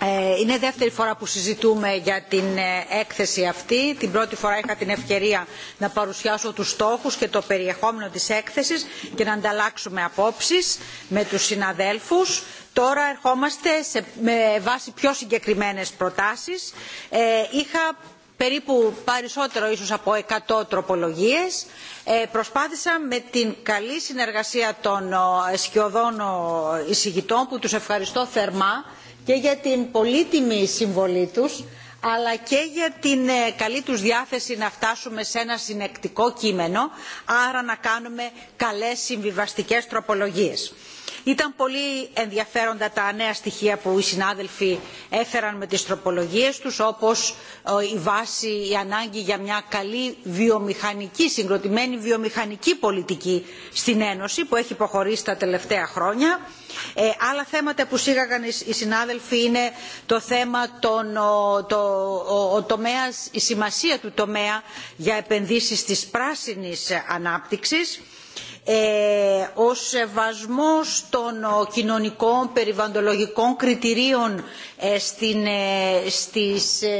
Ε, είναι δεύτερη φορά που συζητούμε για την ε, έκθεση αυτή. Την πρώτη φορά είχα την ευκαιρία να παρουσιάσω τους στόχους και το περιεχόμενο της έκθεσης και να ανταλλάξουμε απόψεις με τους συναδέλφους. Τώρα ερχόμαστε σε, με βάση πιο συγκεκριμένες προτάσεις. Ε, είχα περίπου περισσότερο ίσως από 100 τροπολογίες. Ε, προσπάθησα με την καλή συνεργασία των ε, σκιωδών ε, εισηγητών που τους ευχαριστώ θερμά και για την πολύτιμη συμβολή τους αλλά και για την καλή τους διάθεση να φτάσουμε σε ένα συνεκτικό κείμενο άρα να κάνουμε καλές συμβιβαστικές τροπολογίες. Ήταν πολύ ενδιαφέροντα τα νέα στοιχεία που οι συνάδελφοι έφεραν με τις τροπολογίες τους, όπως ε, η βάση, η ανάγκη για μια καλή βιομηχανική, συγκροτημένη βιομηχανική πολιτική στην Ένωση που έχει υποχωρήσει τα τελευταία χρόνια. Ε, άλλα θέματα που σήγαγαν οι συνάδελφοι είναι το θέμα, των, το, η σημασία του τομέα για επενδύσεις της πράσινης ανάπτυξης ε, ο σεβασμός των ε, κοινωνικών περιβαλλοντολογικών κριτηρίων ε,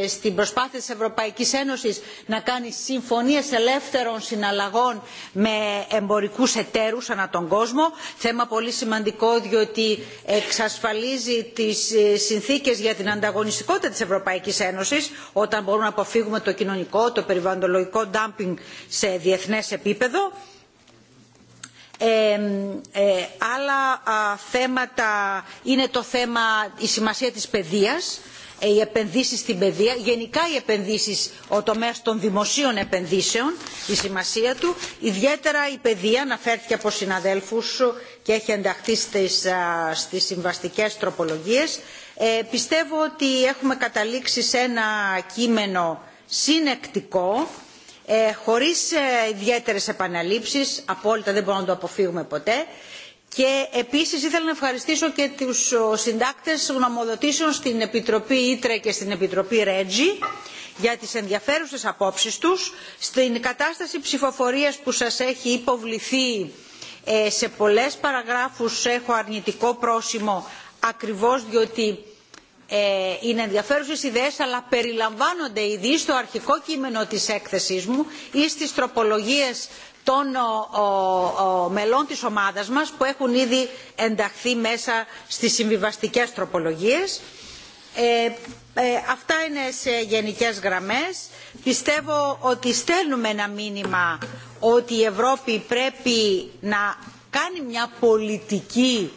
στην, προσπάθεια της Ευρωπαϊκής Ένωσης να κάνει συμφωνίες ελεύθερων συναλλαγών με εμπορικούς εταίρους ανά τον κόσμο. Θέμα πολύ σημαντικό διότι εξασφαλίζει τις συνθήκες για την ανταγωνιστικότητα της Ευρωπαϊκής Ένωσης όταν μπορούμε να αποφύγουμε το κοινωνικό, το περιβαλλοντολογικό ντάμπινγκ σε διεθνές επίπεδο ε, ε, άλλα θέματα είναι το θέμα η σημασία της παιδείας ε, οι επενδύσεις στην παιδεία, γενικά οι επενδύσεις, ο τομέας των δημοσίων επενδύσεων, η σημασία του, ιδιαίτερα η παιδεία αναφέρθηκε από συναδέλφους και έχει ενταχθεί στις, συμβαστικές τροπολογίες. πιστεύω ότι έχουμε καταλήξει σε ένα κείμενο συνεκτικό, ε, χωρίς ε, ιδιαίτερες επαναλήψεις, απόλυτα δεν μπορούμε να το αποφύγουμε ποτέ. Και επίσης ήθελα να ευχαριστήσω και τους συντάκτες γνωμοδοτήσεων στην Επιτροπή Ήτρε και στην Επιτροπή Ρέτζι για τις ενδιαφέρουσες απόψεις τους στην κατάσταση ψηφοφορίας που σας έχει υποβληθεί ε, σε πολλές παραγράφους έχω αρνητικό πρόσημο ακριβώς διότι ε, είναι ενδιαφέρουσες ιδέες αλλά περιλαμβάνονται ήδη στο αρχικό κείμενο της έκθεσής μου ή στις τροπολογίες των μελών της ομάδας μας που έχουν ήδη ενταχθεί μέσα στις συμβιβαστικές τροπολογίες. Ε, ε, αυτά είναι σε γενικές γραμμές. Πιστεύω ότι στέλνουμε ένα μήνυμα ότι η Ευρώπη πρέπει να κάνει μια πολιτική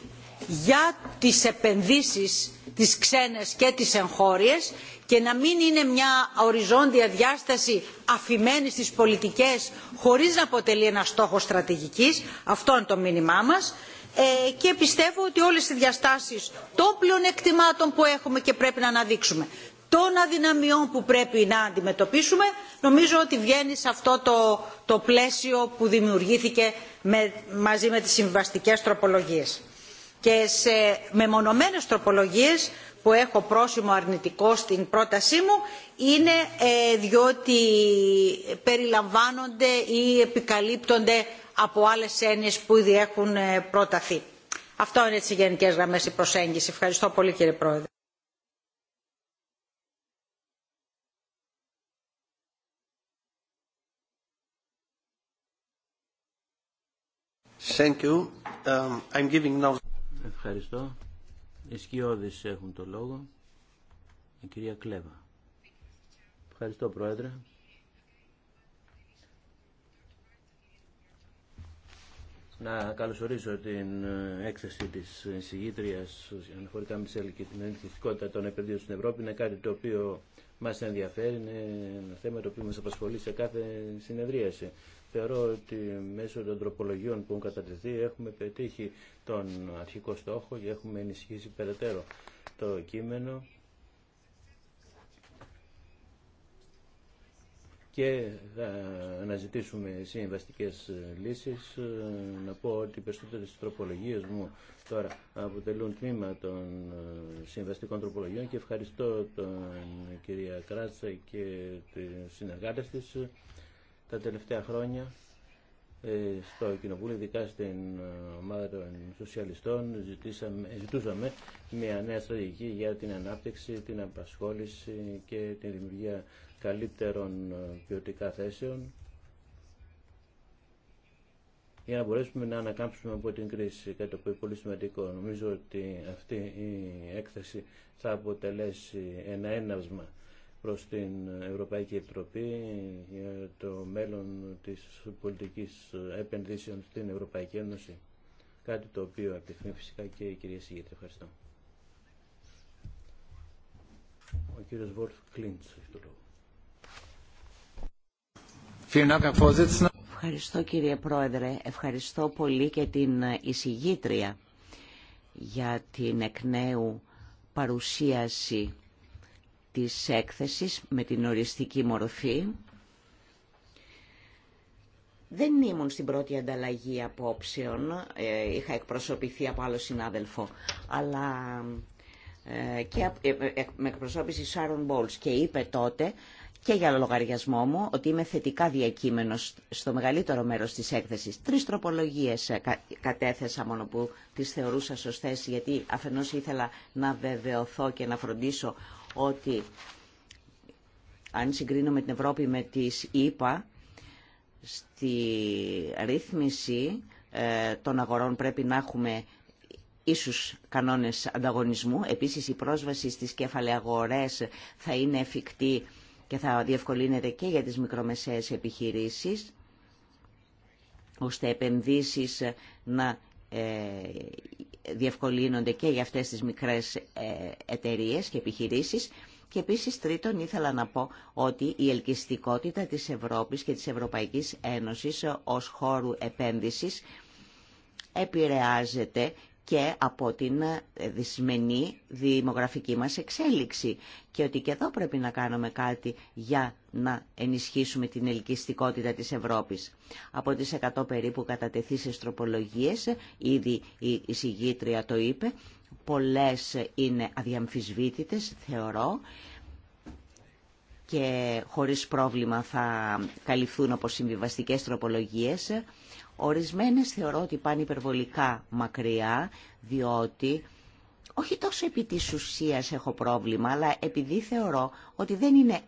για τις επενδύσεις τις ξένες και τις εγχώριες και να μην είναι μια οριζόντια διάσταση αφημένη στις πολιτικές χωρίς να αποτελεί ένα στόχο στρατηγικής. Αυτό είναι το μήνυμά μας. Ε, και πιστεύω ότι όλες οι διαστάσεις των πλεονεκτημάτων που έχουμε και πρέπει να αναδείξουμε των αδυναμιών που πρέπει να αντιμετωπίσουμε νομίζω ότι βγαίνει σε αυτό το, το πλαίσιο που δημιουργήθηκε με, μαζί με τις συμβαστικές τροπολογίες και σε μεμονωμένες τροπολογίες που έχω πρόσημο αρνητικό στην πρότασή μου είναι ε, διότι περιλαμβάνονται ή επικαλύπτονται από άλλες έννοιες που ήδη έχουν ε, προταθεί. Αυτό είναι τις γενικές γραμμές η προσέγγιση. Ευχαριστώ πολύ κύριε Πρόεδρε. Thank you. Um, I'm Ευχαριστώ. Οι σκιώδεις έχουν το λόγο. Η κυρία Κλέβα. Ευχαριστώ, Πρόεδρε. Να καλωσορίσω την ε, έκθεση της συγγήτριας αναφορικά με και την ενθυστικότητα των επενδύων στην Ευρώπη. Είναι κάτι το οποίο μας ενδιαφέρει, είναι ένα θέμα το οποίο μας απασχολεί σε κάθε συνεδρίαση. Θεωρώ ότι μέσω των τροπολογιών που έχουν κατατεθεί έχουμε πετύχει τον αρχικό στόχο και έχουμε ενισχύσει περαιτέρω το κείμενο και θα αναζητήσουμε συμβαστικέ λύσεις. Να πω ότι οι περισσότερες τροπολογίες μου τώρα αποτελούν τμήμα των συμβαστικών τροπολογιών και ευχαριστώ τον κυρία Κράτσα και του συνεργάτε της τα τελευταία χρόνια ε, στο Κοινοβούλιο, ειδικά στην ε, ομάδα των σοσιαλιστών, ζητούσαμε μια νέα στρατηγική για την ανάπτυξη, την απασχόληση και την δημιουργία καλύτερων ε, ποιοτικά θέσεων για να μπορέσουμε να ανακάμψουμε από την κρίση, κάτι που είναι πολύ σημαντικό. Νομίζω ότι αυτή η έκθεση θα αποτελέσει ένα έναυσμα προς την Ευρωπαϊκή Επιτροπή για το μέλλον της πολιτικής επενδύσεων στην Ευρωπαϊκή Ένωση. Κάτι το οποίο επιθυμεί φυσικά και η κυρία Σιγητή. Ευχαριστώ. Ο κύριος Βόρφ Κλίντς έχει το λόγο. Ευχαριστώ κύριε Πρόεδρε. Ευχαριστώ πολύ και την εισηγήτρια για την εκ νέου παρουσίαση της έκθεσης με την οριστική μορφή. Δεν ήμουν στην πρώτη ανταλλαγή απόψεων, ε, είχα εκπροσωπηθεί από άλλο συνάδελφο, αλλά ε, και ε, με εκπροσώπηση Σάρων Μπόλς και είπε τότε και για λογαριασμό μου ότι είμαι θετικά διακείμενος στο μεγαλύτερο μέρος της έκθεσης. Τρεις τροπολογίες κατέθεσα μόνο που τις θεωρούσα σωστές γιατί αφενός ήθελα να βεβαιωθώ και να φροντίσω ότι αν συγκρίνουμε την Ευρώπη με τις ΗΠΑ, στη ρύθμιση ε, των αγορών πρέπει να έχουμε ίσους κανόνες ανταγωνισμού. Επίσης η πρόσβαση στις αγορές θα είναι εφικτή και θα διευκολύνεται και για τις μικρομεσαίες επιχειρήσεις, ώστε επενδύσεις να ε, διευκολύνονται και για αυτές τις μικρές ε, εταιρείε και επιχειρήσεις. Και επίσης τρίτον ήθελα να πω ότι η ελκυστικότητα της Ευρώπης και της Ευρωπαϊκής Ένωσης ως χώρου επένδυσης επηρεάζεται και από την ε, δυσμενή δημογραφική μας εξέλιξη και ότι και εδώ πρέπει να κάνουμε κάτι για να ενισχύσουμε την ελκυστικότητα της Ευρώπης. Από τις 100 περίπου κατατεθήσεις τροπολογίες, ήδη η συγγήτρια το είπε, πολλές είναι αδιαμφισβήτητες, θεωρώ, και χωρίς πρόβλημα θα καλυφθούν από συμβιβαστικές τροπολογίες Ορισμένες θεωρώ ότι πάνε υπερβολικά μακριά, διότι όχι τόσο επί της ουσίας έχω πρόβλημα, αλλά επειδή θεωρώ ότι δεν είναι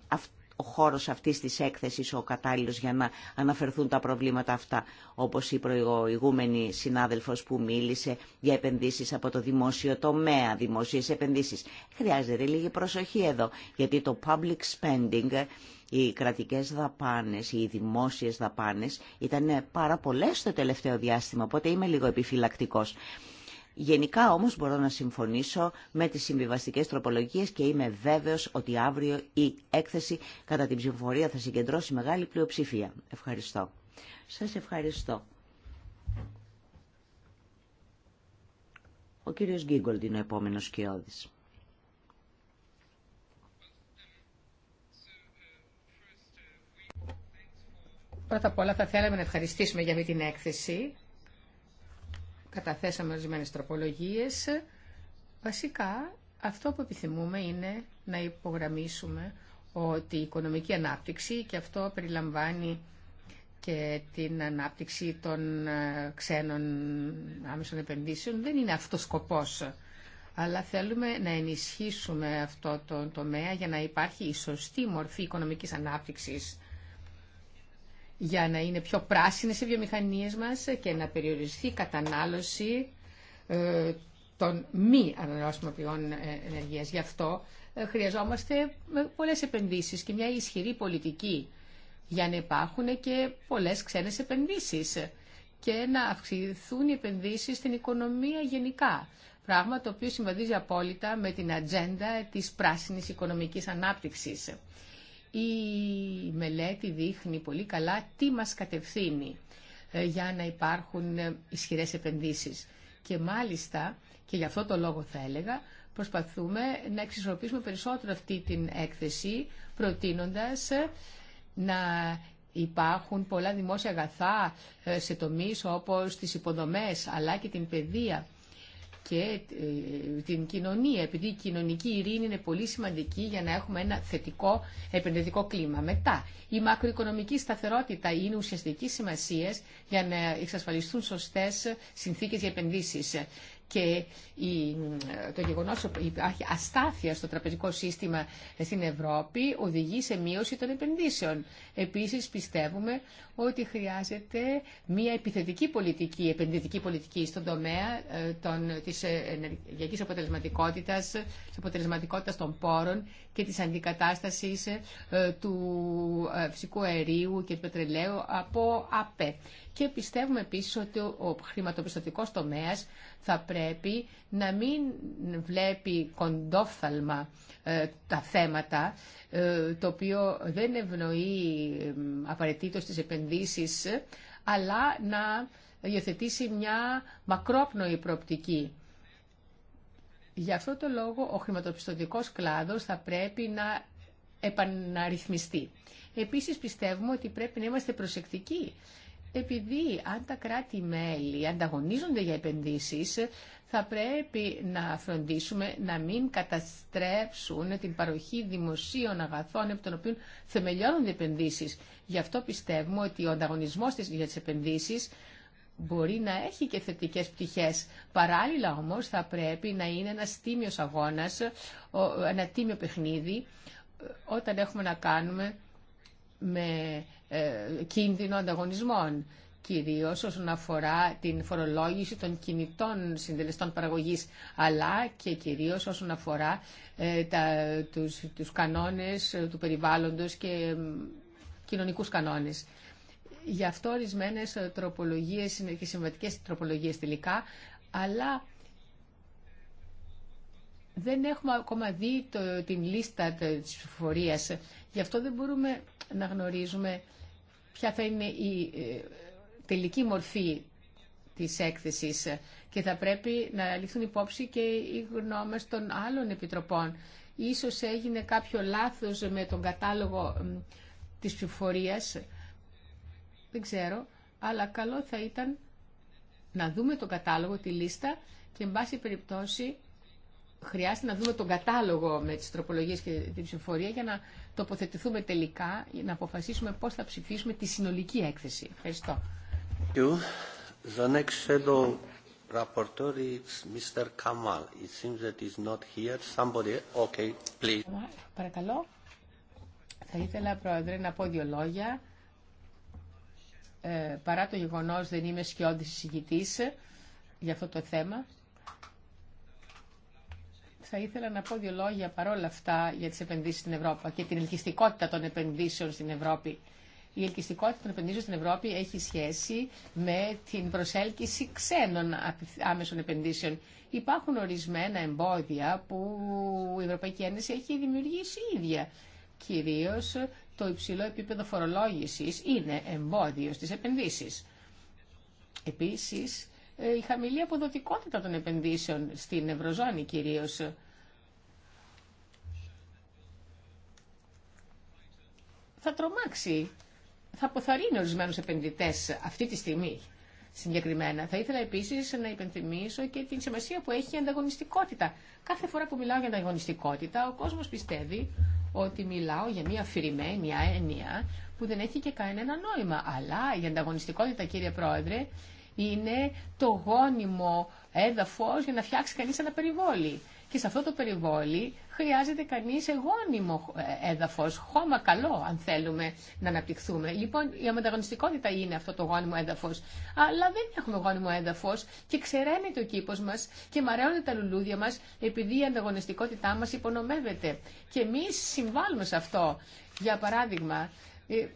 ο χώρος αυτής της έκθεσης ο κατάλληλος για να αναφερθούν τα προβλήματα αυτά, όπως η προηγούμενη συνάδελφος που μίλησε για επενδύσεις από το δημόσιο τομέα, δημόσιες επενδύσεις. Χρειάζεται λίγη προσοχή εδώ, γιατί το public spending οι κρατικές δαπάνες ή οι δημόσιες δαπάνες ήταν πάρα πολλές το τελευταίο διάστημα, οπότε είμαι λίγο επιφυλακτικός. Γενικά όμως μπορώ να συμφωνήσω με τις συμβιβαστικές τροπολογίες και είμαι βέβαιος ότι αύριο η έκθεση κατά την ψηφοφορία θα συγκεντρώσει μεγάλη πλειοψηφία. Ευχαριστώ. Σας ευχαριστώ. Ο κύριος Γκίγκολτ είναι ο επόμενος κοιόδης. Πρώτα απ' όλα θα θέλαμε να ευχαριστήσουμε για αυτή την έκθεση. Καταθέσαμε ορισμένε τροπολογίες. Βασικά, αυτό που επιθυμούμε είναι να υπογραμμίσουμε ότι η οικονομική ανάπτυξη, και αυτό περιλαμβάνει και την ανάπτυξη των ε, ξένων άμεσων επενδύσεων, δεν είναι αυτός σκοπός. Αλλά θέλουμε να ενισχύσουμε αυτό το τομέα για να υπάρχει η σωστή μορφή οικονομικής ανάπτυξης για να είναι πιο πράσινες οι βιομηχανίες μας και να περιοριστεί η κατανάλωση ε, των μη ανανεώσιμων πηγών ε, ενεργείας. Γι' αυτό ε, χρειαζόμαστε πολλές επενδύσεις και μια ισχυρή πολιτική για να υπάρχουν και πολλές ξένες επενδύσεις και να αυξηθούν οι επενδύσεις στην οικονομία γενικά. Πράγμα το οποίο συμβαδίζει απόλυτα με την ατζέντα της πράσινης οικονομικής ανάπτυξης. Η μελέτη δείχνει πολύ καλά τι μας κατευθύνει ε, για να υπάρχουν ε, ισχυρές επενδύσεις. Και μάλιστα, και γι' αυτό το λόγο θα έλεγα, προσπαθούμε να εξισορροπήσουμε περισσότερο αυτή την έκθεση, προτείνοντας ε, να υπάρχουν πολλά δημόσια αγαθά σε τομείς όπως τις υποδομές, αλλά και την παιδεία και ε, την κοινωνία, επειδή η κοινωνική ειρήνη είναι πολύ σημαντική για να έχουμε ένα θετικό επενδυτικό κλίμα. Μετά, η μακροοικονομική σταθερότητα είναι ουσιαστική σημασία για να εξασφαλιστούν σωστέ συνθήκε για επενδύσει και η, το γεγονός ότι υπάρχει αστάθεια στο τραπεζικό σύστημα στην Ευρώπη οδηγεί σε μείωση των επενδύσεων. Επίσης πιστεύουμε ότι χρειάζεται μια επιθετική πολιτική, επενδυτική πολιτική στον τομέα ε, τη της ενεργειακής αποτελεσματικότητας, της των πόρων και της αντικατάστασης ε, του ε, φυσικού αερίου και του πετρελαίου από ΑΠΕ. Και πιστεύουμε επίσης ότι ο χρηματοπιστωτικός τομέας θα πρέπει να μην βλέπει κοντόφθαλμα ε, τα θέματα, ε, το οποίο δεν ευνοεί απαραίτητο τις επενδύσεις, αλλά να υιοθετήσει μια μακρόπνοη προοπτική. Γι' αυτό το λόγο ο χρηματοπιστωτικός κλάδος θα πρέπει να επαναρρυθμιστεί. Επίσης πιστεύουμε ότι πρέπει να είμαστε προσεκτικοί επειδή αν τα κράτη-μέλη ανταγωνίζονται για επενδύσεις, θα πρέπει να φροντίσουμε να μην καταστρέψουν την παροχή δημοσίων αγαθών από τον οποίο θεμελιώνονται επενδύσεις. Γι' αυτό πιστεύουμε ότι ο ανταγωνισμός για τις επενδύσεις μπορεί να έχει και θετικές πτυχές. Παράλληλα όμως θα πρέπει να είναι ένας τίμιος αγώνας, ένα τίμιο παιχνίδι, ε, όταν έχουμε να κάνουμε με ε, κίνδυνο ανταγωνισμών κυρίως όσον αφορά την φορολόγηση των κινητών συντελεστών παραγωγής, αλλά και κυρίως όσον αφορά του ε, τα, τους, κανόνες του περιβάλλοντος και κοινωνικού κοινωνικούς κανόνες. Γι' αυτό ορισμένε τροπολογίες και συμβατικές τροπολογίες τελικά, αλλά δεν έχουμε ακόμα δει το, την λίστα της ψηφοφορία. Γι' αυτό δεν μπορούμε να γνωρίζουμε ποια θα είναι η ε, τελική μορφή της έκθεσης και θα πρέπει να ληφθούν υπόψη και οι γνώμες των άλλων επιτροπών. Ίσως έγινε κάποιο λάθος με τον κατάλογο της ψηφορίας, δεν ξέρω, αλλά καλό θα ήταν να δούμε τον κατάλογο, τη λίστα και εν πάση περιπτώσει χρειάζεται να δούμε τον κατάλογο με τις τροπολογίες και την ψηφοφορία για να τοποθετηθούμε τελικά, για να αποφασίσουμε πώς θα ψηφίσουμε τη συνολική έκθεση. Ευχαριστώ. Παρακαλώ. Θα ήθελα, Πρόεδρε, να πω δύο λόγια. Ε, παρά το γεγονός δεν είμαι σκιώδης εισηγητής για αυτό το θέμα, θα ήθελα να πω δύο λόγια παρόλα αυτά για τις επενδύσεις στην Ευρώπη και την ελκυστικότητα των επενδύσεων στην Ευρώπη. Η ελκυστικότητα των επενδύσεων στην Ευρώπη έχει σχέση με την προσέλκυση ξένων άμεσων επενδύσεων. Υπάρχουν ορισμένα εμπόδια που η Ευρωπαϊκή Ένωση έχει δημιουργήσει ίδια. Κυρίως το υψηλό επίπεδο φορολόγησης είναι εμπόδιο στις επενδύσεις. Επίσης, ε, η χαμηλή αποδοτικότητα των επενδύσεων στην Ευρωζώνη κυρίως. Θα τρομάξει, θα αποθαρρύνει ορισμένου επενδυτέ αυτή τη στιγμή συγκεκριμένα. Θα ήθελα επίση να υπενθυμίσω και την σημασία που έχει η ανταγωνιστικότητα. Κάθε φορά που μιλάω για ανταγωνιστικότητα, ο κόσμο πιστεύει ότι μιλάω για μια αφηρημένη, έννοια που δεν έχει και κανένα νόημα. Αλλά η ανταγωνιστικότητα, κύριε Πρόεδρε, είναι το γόνιμο έδαφος για να φτιάξει κανείς ένα περιβόλι. Και σε αυτό το περιβόλι χρειάζεται κανείς γόνιμο ε, έδαφος, χώμα καλό αν θέλουμε να αναπτυχθούμε. Λοιπόν, η αμεταγωνιστικότητα είναι αυτό το γόνιμο έδαφος. Αλλά δεν έχουμε γόνιμο έδαφος και ξεραίνεται ο κήπος μας και μαραίνονται τα λουλούδια μας επειδή η ανταγωνιστικότητά μας υπονομεύεται. Και εμείς συμβάλλουμε σε αυτό. Για παράδειγμα, ε,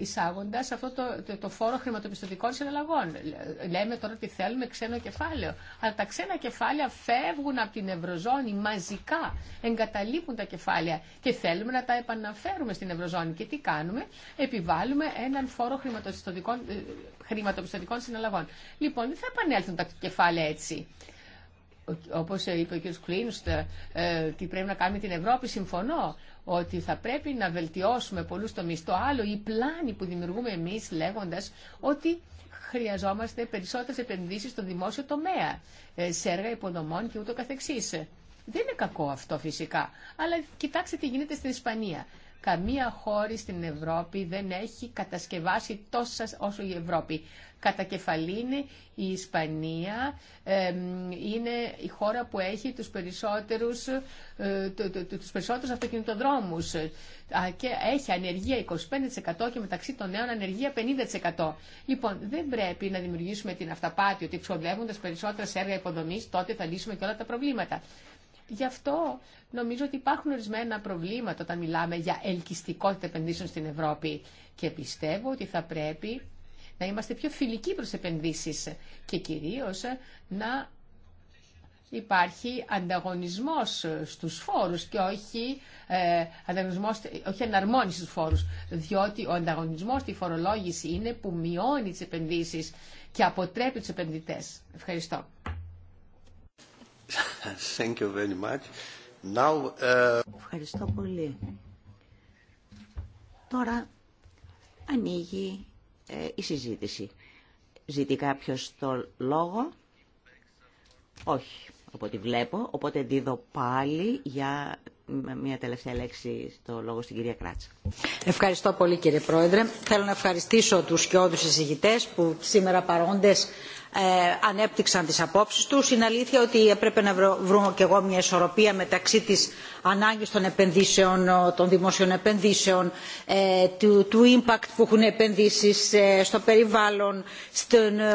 εισάγοντας αυτό το, το, φόρο χρηματοπιστωτικών συναλλαγών. Λέμε τώρα ότι θέλουμε ξένο κεφάλαιο. Αλλά τα ξένα κεφάλαια φεύγουν από την Ευρωζώνη μαζικά. Εγκαταλείπουν τα κεφάλαια και θέλουμε να τα επαναφέρουμε στην Ευρωζώνη. Και τι κάνουμε, επιβάλλουμε έναν φόρο χρηματοπιστωτικών, ε, συναλλαγών. Λοιπόν, δεν θα επανέλθουν τα κεφάλαια έτσι όπως είπε ο κ. Κλίνστ, ε, ε, τι πρέπει να κάνει την Ευρώπη, συμφωνώ ότι θα πρέπει να βελτιώσουμε πολλούς τομείς. Το άλλο, η πλάνη που δημιουργούμε εμείς λέγοντας ότι χρειαζόμαστε περισσότερες επενδύσεις στο δημόσιο τομέα, ε, σε έργα υποδομών και ούτω καθεξής. Δεν είναι κακό αυτό φυσικά. Αλλά κοιτάξτε τι γίνεται στην Ισπανία. Καμία χώρα στην Ευρώπη δεν έχει κατασκευάσει τόσα όσο η Ευρώπη. Κατά κεφαλή είναι η Ισπανία, είναι η χώρα που έχει τους περισσότερους, ε, τους περισσότερους αυτοκινητοδρόμους και έχει ανεργία 25% και μεταξύ των νέων ανεργία 50%. Λοιπόν, δεν πρέπει να δημιουργήσουμε την αυταπάτη ότι ξοδεύοντας περισσότερα έργα υποδομής τότε θα λύσουμε και όλα τα προβλήματα. Γι' αυτό νομίζω ότι υπάρχουν ορισμένα προβλήματα όταν μιλάμε για ελκυστικότητα επενδύσεων στην Ευρώπη και πιστεύω ότι θα πρέπει να είμαστε πιο φιλικοί προς επενδύσεις και κυρίως να υπάρχει ανταγωνισμός στους φόρους και όχι, ε, ανταγωνισμός, όχι εναρμόνιση στους φόρους, διότι ο ανταγωνισμός στη φορολόγηση είναι που μειώνει τις επενδύσεις και αποτρέπει τους επενδυτές. Ευχαριστώ. Uh, Ευχαριστώ πολύ. Τώρα ανοίγει ε, η συζήτηση. Ζητεί κάποιο το λόγο. Όχι, από ό,τι βλέπω. Οπότε δίδω πάλι για μια τελευταία λέξη στο λόγο στην κυρία Κράτσα. Ευχαριστώ πολύ κύριε Πρόεδρε. Θέλω να ευχαριστήσω τους και συζητητέ εισηγητές που σήμερα παρόντες ε, ανέπτυξαν τις απόψεις τους. Είναι αλήθεια ότι έπρεπε να βρούμε και εγώ μια ισορροπία μεταξύ της ανάγκης των επενδύσεων, των δημοσίων επενδύσεων, ε, του, impact που έχουν επενδύσει ε, στο περιβάλλον, στην ε,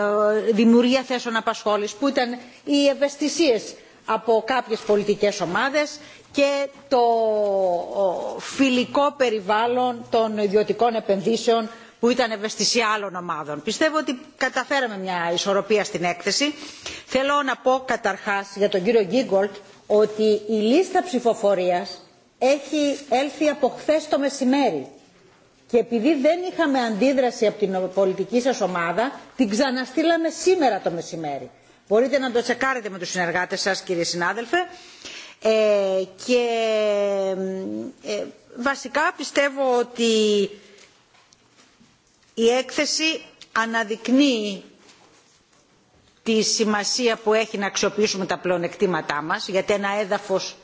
δημιουργία θέσεων απασχόλησης που ήταν οι ευαισθησίες από κάποιες πολιτικές ομάδες και το φιλικό περιβάλλον των ιδιωτικών επενδύσεων που ήταν ευαισθησία άλλων ομάδων. Πιστεύω ότι καταφέραμε μια ισορροπία στην έκθεση. Θέλω να πω καταρχάς για τον κύριο Γκίγκολτ ότι η λίστα ψηφοφορίας έχει έλθει από χθε το μεσημέρι. Και επειδή δεν είχαμε αντίδραση από την πολιτική σας ομάδα, την ξαναστήλαμε σήμερα το μεσημέρι. Μπορείτε να το τσεκάρετε με τους συνεργάτες σας, κύριε συνάδελφε. Ε, και ε, βασικά πιστεύω ότι η έκθεση αναδεικνύει τη σημασία που έχει να αξιοποιήσουμε τα πλεονεκτήματά μας γιατί ένα έδαφος,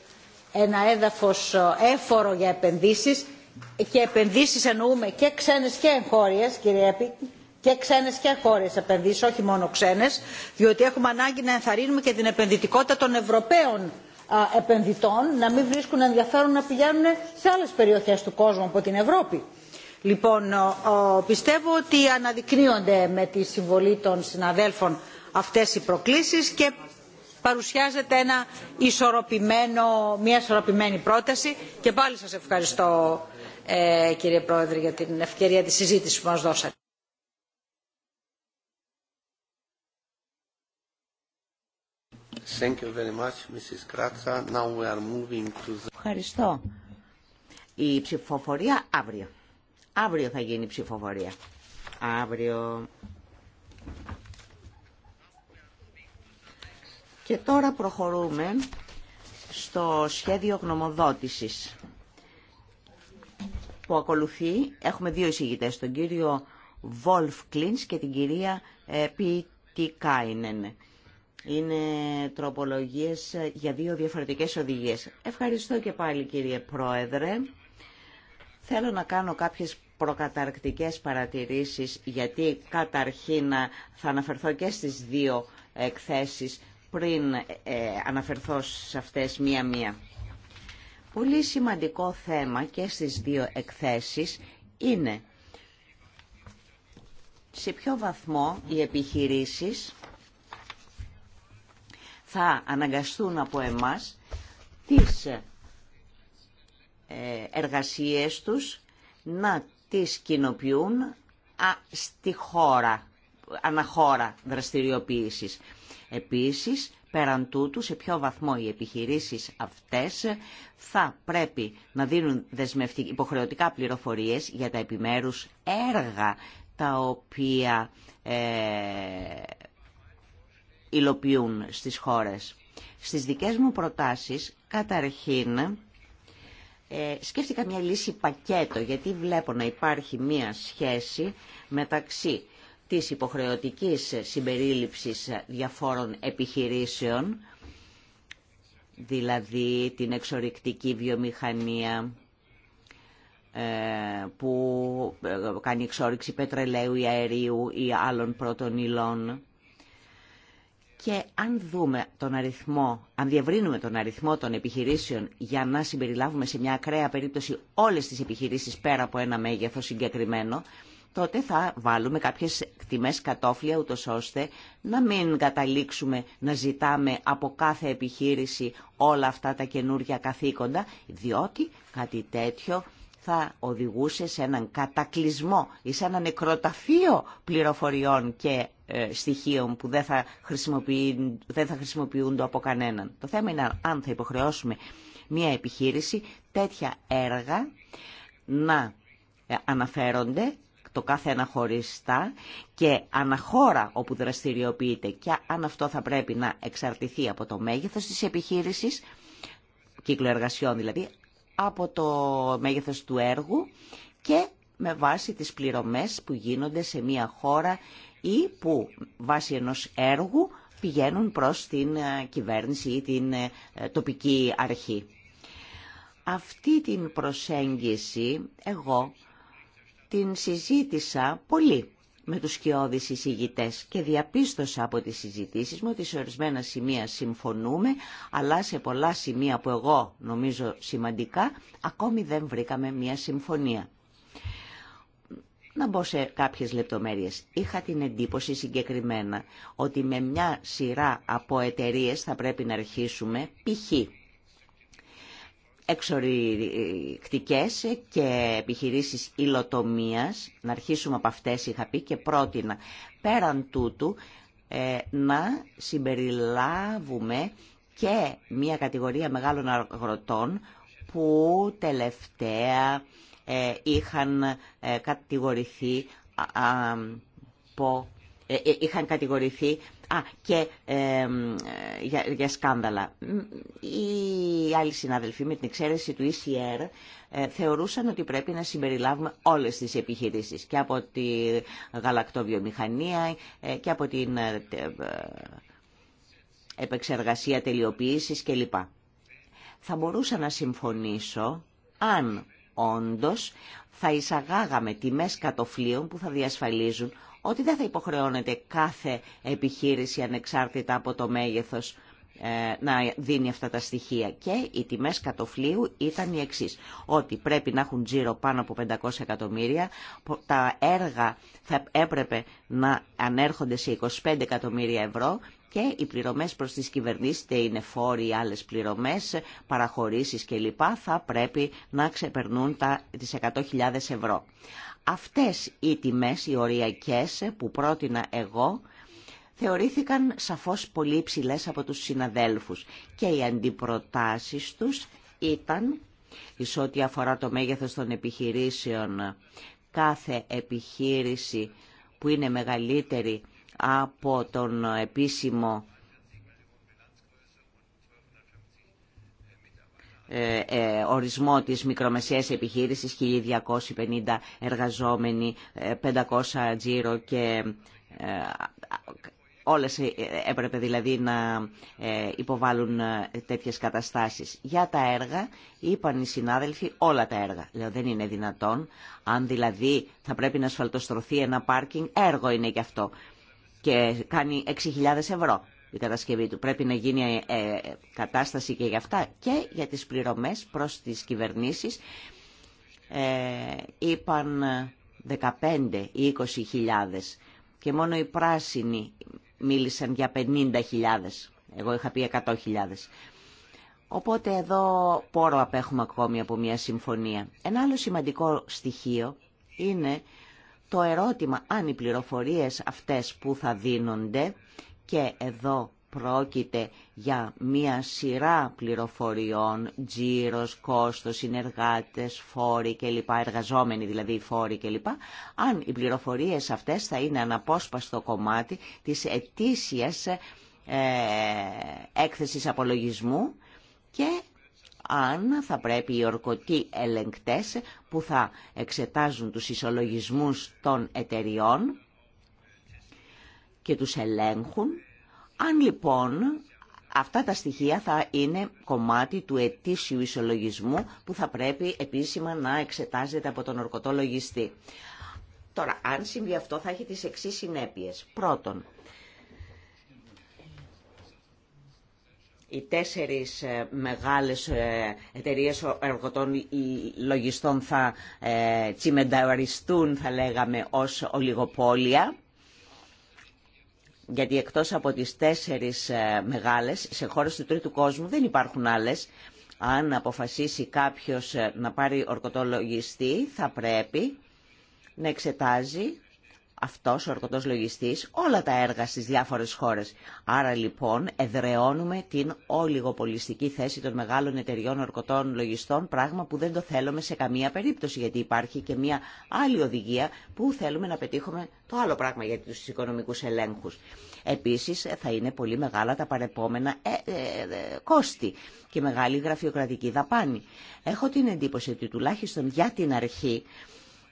ένα έδαφος ε, έφορο για επενδύσεις και επενδύσεις εννοούμε και ξένες και εγχώριες κύριε Επί, και ξένες και εγχώριες επενδύσεις όχι μόνο ξένες διότι έχουμε ανάγκη να ενθαρρύνουμε και την επενδυτικότητα των Ευρωπαίων επενδυτών να μην βρίσκουν ενδιαφέρον να πηγαίνουν σε άλλες περιοχές του κόσμου από την Ευρώπη. Λοιπόν, πιστεύω ότι αναδεικνύονται με τη συμβολή των συναδέλφων αυτές οι προκλήσεις και παρουσιάζεται ένα ισορροπημένο, μια ισορροπημένη πρόταση και πάλι σας ευχαριστώ ε, κύριε Πρόεδρε για την ευκαιρία της συζήτησης που μας δώσατε. Ευχαριστώ. Η ψηφοφορία αύριο. Αύριο θα γίνει η ψηφοφορία. Αύριο. Και τώρα προχωρούμε στο σχέδιο γνωμοδότησης που ακολουθεί. Έχουμε δύο εισηγητές, τον κύριο Βολφ Κλίνς και την κυρία Πιτικάινεν. Είναι τροπολογίες για δύο διαφορετικές οδηγίες. Ευχαριστώ και πάλι κύριε Πρόεδρε. Θέλω να κάνω κάποιες προκαταρκτικές παρατηρήσεις, γιατί καταρχήν θα αναφερθώ και στις δύο εκθέσεις πριν ε, αναφερθώ σε αυτές μία-μία. Πολύ σημαντικό θέμα και στις δύο εκθέσεις είναι σε ποιο βαθμό οι επιχειρήσεις θα αναγκαστούν από εμάς τις ε, εργασίες τους να τις κοινοποιούν στη χώρα, αναχώρα δραστηριοποίησης. Επίσης, πέραν τούτου, σε ποιο βαθμό οι επιχειρήσεις αυτές θα πρέπει να δίνουν υποχρεωτικά πληροφορίες για τα επιμέρους έργα τα οποία ε, υλοποιούν στις χώρες. Στις δικές μου προτάσεις, καταρχήν, ε, σκέφτηκα μια λύση πακέτο, γιατί βλέπω να υπάρχει μια σχέση μεταξύ της υποχρεωτικής συμπερίληψης διαφόρων επιχειρήσεων, δηλαδή την εξορυκτική βιομηχανία ε, που ε, κάνει εξόριξη πετρελαίου ή αερίου ή άλλων πρώτων υλών και αν δούμε τον αριθμό, αν διευρύνουμε τον αριθμό των επιχειρήσεων για να συμπεριλάβουμε σε μια ακραία περίπτωση όλες τις επιχειρήσεις πέρα από ένα μέγεθος συγκεκριμένο, τότε θα βάλουμε κάποιες τιμές κατόφλια ούτω ώστε να μην καταλήξουμε να ζητάμε από κάθε επιχείρηση όλα αυτά τα καινούργια καθήκοντα, διότι κάτι τέτοιο θα οδηγούσε σε έναν κατακλυσμό ή σε ένα νεκροταφείο πληροφοριών και ε, στοιχείων που δεν θα, δεν θα χρησιμοποιούνται από κανέναν. Το θέμα είναι αν θα υποχρεώσουμε μια επιχείρηση τέτοια έργα να ε, αναφέρονται το κάθε ένα χωριστά και αναχώρα όπου δραστηριοποιείται και αν αυτό θα πρέπει να εξαρτηθεί από το μέγεθος της επιχείρησης, κύκλο εργασιών δηλαδή, από το μέγεθος του έργου και με βάση τις πληρωμές που γίνονται σε μια χώρα ή που βάσει ενός έργου πηγαίνουν προς την ε, κυβέρνηση ή την ε, τοπική αρχή. Αυτή την προσέγγιση εγώ την συζήτησα πολύ με τους σκιώδεις εισηγητές και διαπίστωσα από τις συζητήσεις μου ότι σε ορισμένα σημεία συμφωνούμε, αλλά σε πολλά σημεία που εγώ νομίζω σημαντικά, ακόμη δεν βρήκαμε μια συμφωνία. Να μπω σε κάποιες λεπτομέρειες. Είχα την εντύπωση συγκεκριμένα ότι με μια σειρά από εταιρείε θα πρέπει να αρχίσουμε π.χ. εξορυκτικές και επιχειρήσεις υλοτομίας. Να αρχίσουμε από αυτές είχα πει και πρότεινα πέραν τούτου ε, να συμπεριλάβουμε και μια κατηγορία μεγάλων αγροτών που τελευταία ε, είχαν ε, κατηγορηθεί ε, είχαν κατηγορηθεί α, και για, σκάνδαλα. Οι άλλοι συναδελφοί, με την εξαίρεση του ECR, θεωρούσαν ότι πρέπει να συμπεριλάβουμε όλες τις επιχειρήσεις και από τη γαλακτοβιομηχανία και από την επεξεργασία τελειοποίησης κλπ. Θα μπορούσα να συμφωνήσω αν όντως θα εισαγάγαμε τιμές κατοφλίων που θα διασφαλίζουν ότι δεν θα υποχρεώνεται κάθε επιχείρηση ανεξάρτητα από το μέγεθος ε, να δίνει αυτά τα στοιχεία. Και οι τιμές κατοφλίου ήταν οι εξή. Ότι πρέπει να έχουν τζίρο πάνω από 500 εκατομμύρια, τα έργα θα έπρεπε να ανέρχονται σε 25 εκατομμύρια ευρώ και οι πληρωμές προς τις κυβερνήσεις, είτε είναι φόροι, άλλες πληρωμές, παραχωρήσεις κλπ. θα πρέπει να ξεπερνούν τα, 100.000 ευρώ. Αυτές οι τιμές, οι οριακές που πρότεινα εγώ, θεωρήθηκαν σαφώς πολύ υψηλέ από τους συναδέλφους και οι αντιπροτάσεις τους ήταν, εις ό,τι αφορά το μέγεθος των επιχειρήσεων, κάθε επιχείρηση που είναι μεγαλύτερη από τον επίσημο ε, ε, ορισμό της μικρομεσαίας επιχείρησης 1250 εργαζόμενοι 500 ε, τζίρο και όλες έπρεπε δηλαδή να υποβάλουν τέτοιες καταστάσεις. Για τα έργα είπαν οι συνάδελφοι όλα τα έργα. Λέω δεν είναι δυνατόν αν δηλαδή θα πρέπει να ασφαλτοστρωθεί ένα πάρκινγκ έργο είναι και αυτό και κάνει 6.000 ευρώ η κατασκευή του. Πρέπει να γίνει ε, κατάσταση και για αυτά και για τις πληρωμές προς τις κυβερνήσεις. Ε, είπαν 15 ή 20.000 και μόνο οι πράσινοι μίλησαν για 50.000. Εγώ είχα πει 100.000. Οπότε εδώ πόρο απέχουμε ακόμη από μια συμφωνία. Ένα άλλο σημαντικό στοιχείο είναι το ερώτημα αν οι πληροφορίες αυτές που θα δίνονται και εδώ πρόκειται για μία σειρά πληροφοριών, τζίρος, κόστος, συνεργάτες, φόροι κλπ, εργαζόμενοι δηλαδή φόροι κλπ, αν οι πληροφορίες αυτές θα είναι αναπόσπαστο κομμάτι της ετήσιας ε, έκθεσης απολογισμού και αν θα πρέπει οι ορκωτοί ελεγκτές που θα εξετάζουν τους ισολογισμούς των εταιριών και τους ελέγχουν. Αν λοιπόν αυτά τα στοιχεία θα είναι κομμάτι του ετήσιου ισολογισμού που θα πρέπει επίσημα να εξετάζεται από τον ορκωτό λογιστή. Τώρα, αν συμβεί αυτό θα έχει τις εξής συνέπειες. Πρώτον, οι τέσσερις ε, μεγάλες ε, εταιρείες εργοτών λογιστών θα ε, τσιμενταριστούν, θα λέγαμε, ως ολιγοπόλια. Γιατί εκτός από τις τέσσερις μεγάλες, σε χώρες του τρίτου κόσμου δεν υπάρχουν άλλες. Αν αποφασίσει κάποιος να πάρει ορκωτό λογιστή, θα πρέπει να εξετάζει αυτός ο εργοτός λογιστής όλα τα έργα στις διάφορες χώρες. Άρα λοιπόν εδρεώνουμε την ολιγοπολιστική θέση των μεγάλων εταιριών ορκωτών λογιστών, πράγμα που δεν το θέλουμε σε καμία περίπτωση, γιατί υπάρχει και μια άλλη οδηγία που θέλουμε να πετύχουμε το άλλο πράγμα για τους οικονομικούς ελέγχους. Επίσης θα είναι πολύ μεγάλα τα παρεπόμενα ε, ε, ε, κόστη και μεγάλη γραφειοκρατική δαπάνη. Έχω την εντύπωση ότι τουλάχιστον για την αρχή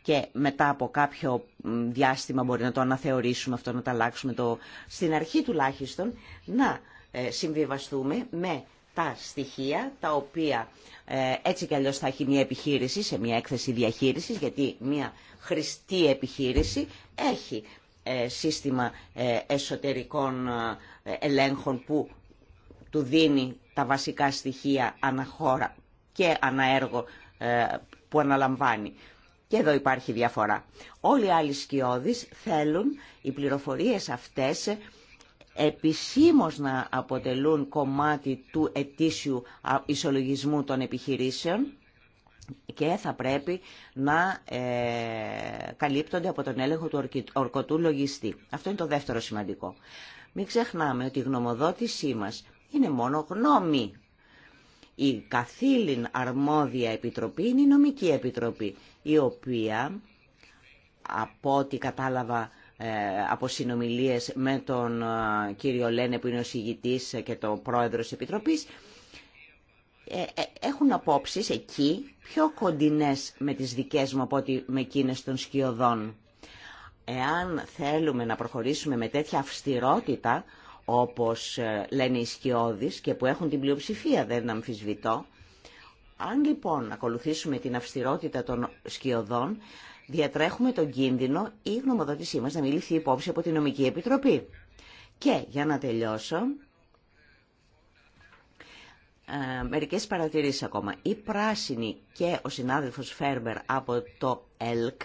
και μετά από κάποιο διάστημα μπορεί να το αναθεωρήσουμε αυτό, να τα αλλάξουμε το... στην αρχή τουλάχιστον, να ε, συμβιβαστούμε με τα στοιχεία τα οποία ε, έτσι κι αλλιώς θα έχει μια επιχείρηση σε μια έκθεση διαχείρισης, γιατί μια χρηστή επιχείρηση έχει ε, σύστημα εσωτερικών ελέγχων που του δίνει τα βασικά στοιχεία αναχώρα και αναέργο που αναλαμβάνει. Και εδώ υπάρχει διαφορά. Όλοι οι άλλοι σκιώδεις θέλουν οι πληροφορίες αυτές επισήμως να αποτελούν κομμάτι του ετήσιου ισολογισμού των επιχειρήσεων και θα πρέπει να ε, καλύπτονται από τον έλεγχο του ορκωτού λογιστή. Αυτό είναι το δεύτερο σημαντικό. Μην ξεχνάμε ότι η γνωμοδότησή μας είναι μόνο γνώμη η καθήλυν αρμόδια επιτροπή είναι η νομική επιτροπή, η οποία από ό,τι κατάλαβα ε, από συνομιλίες με τον ε, κύριο Λένε που είναι ο συγητής και το πρόεδρος της Επιτροπής ε, έχουν απόψεις εκεί πιο κοντινές με τις δικές μου από ότι με εκείνες των σκιωδών. Εάν θέλουμε να προχωρήσουμε με τέτοια αυστηρότητα όπως ε, λένε οι σκιώδεις και που έχουν την πλειοψηφία δεν αμφισβητώ. Αν λοιπόν ακολουθήσουμε την αυστηρότητα των σκιωδών, διατρέχουμε τον κίνδυνο η γνωμοδότησή μας να μην ληφθεί υπόψη από την Νομική Επιτροπή. Και για να τελειώσω, ε, μερικές παρατηρήσεις ακόμα. Η Πράσινη και ο συνάδελφος Φέρμπερ από το ΕΛΚ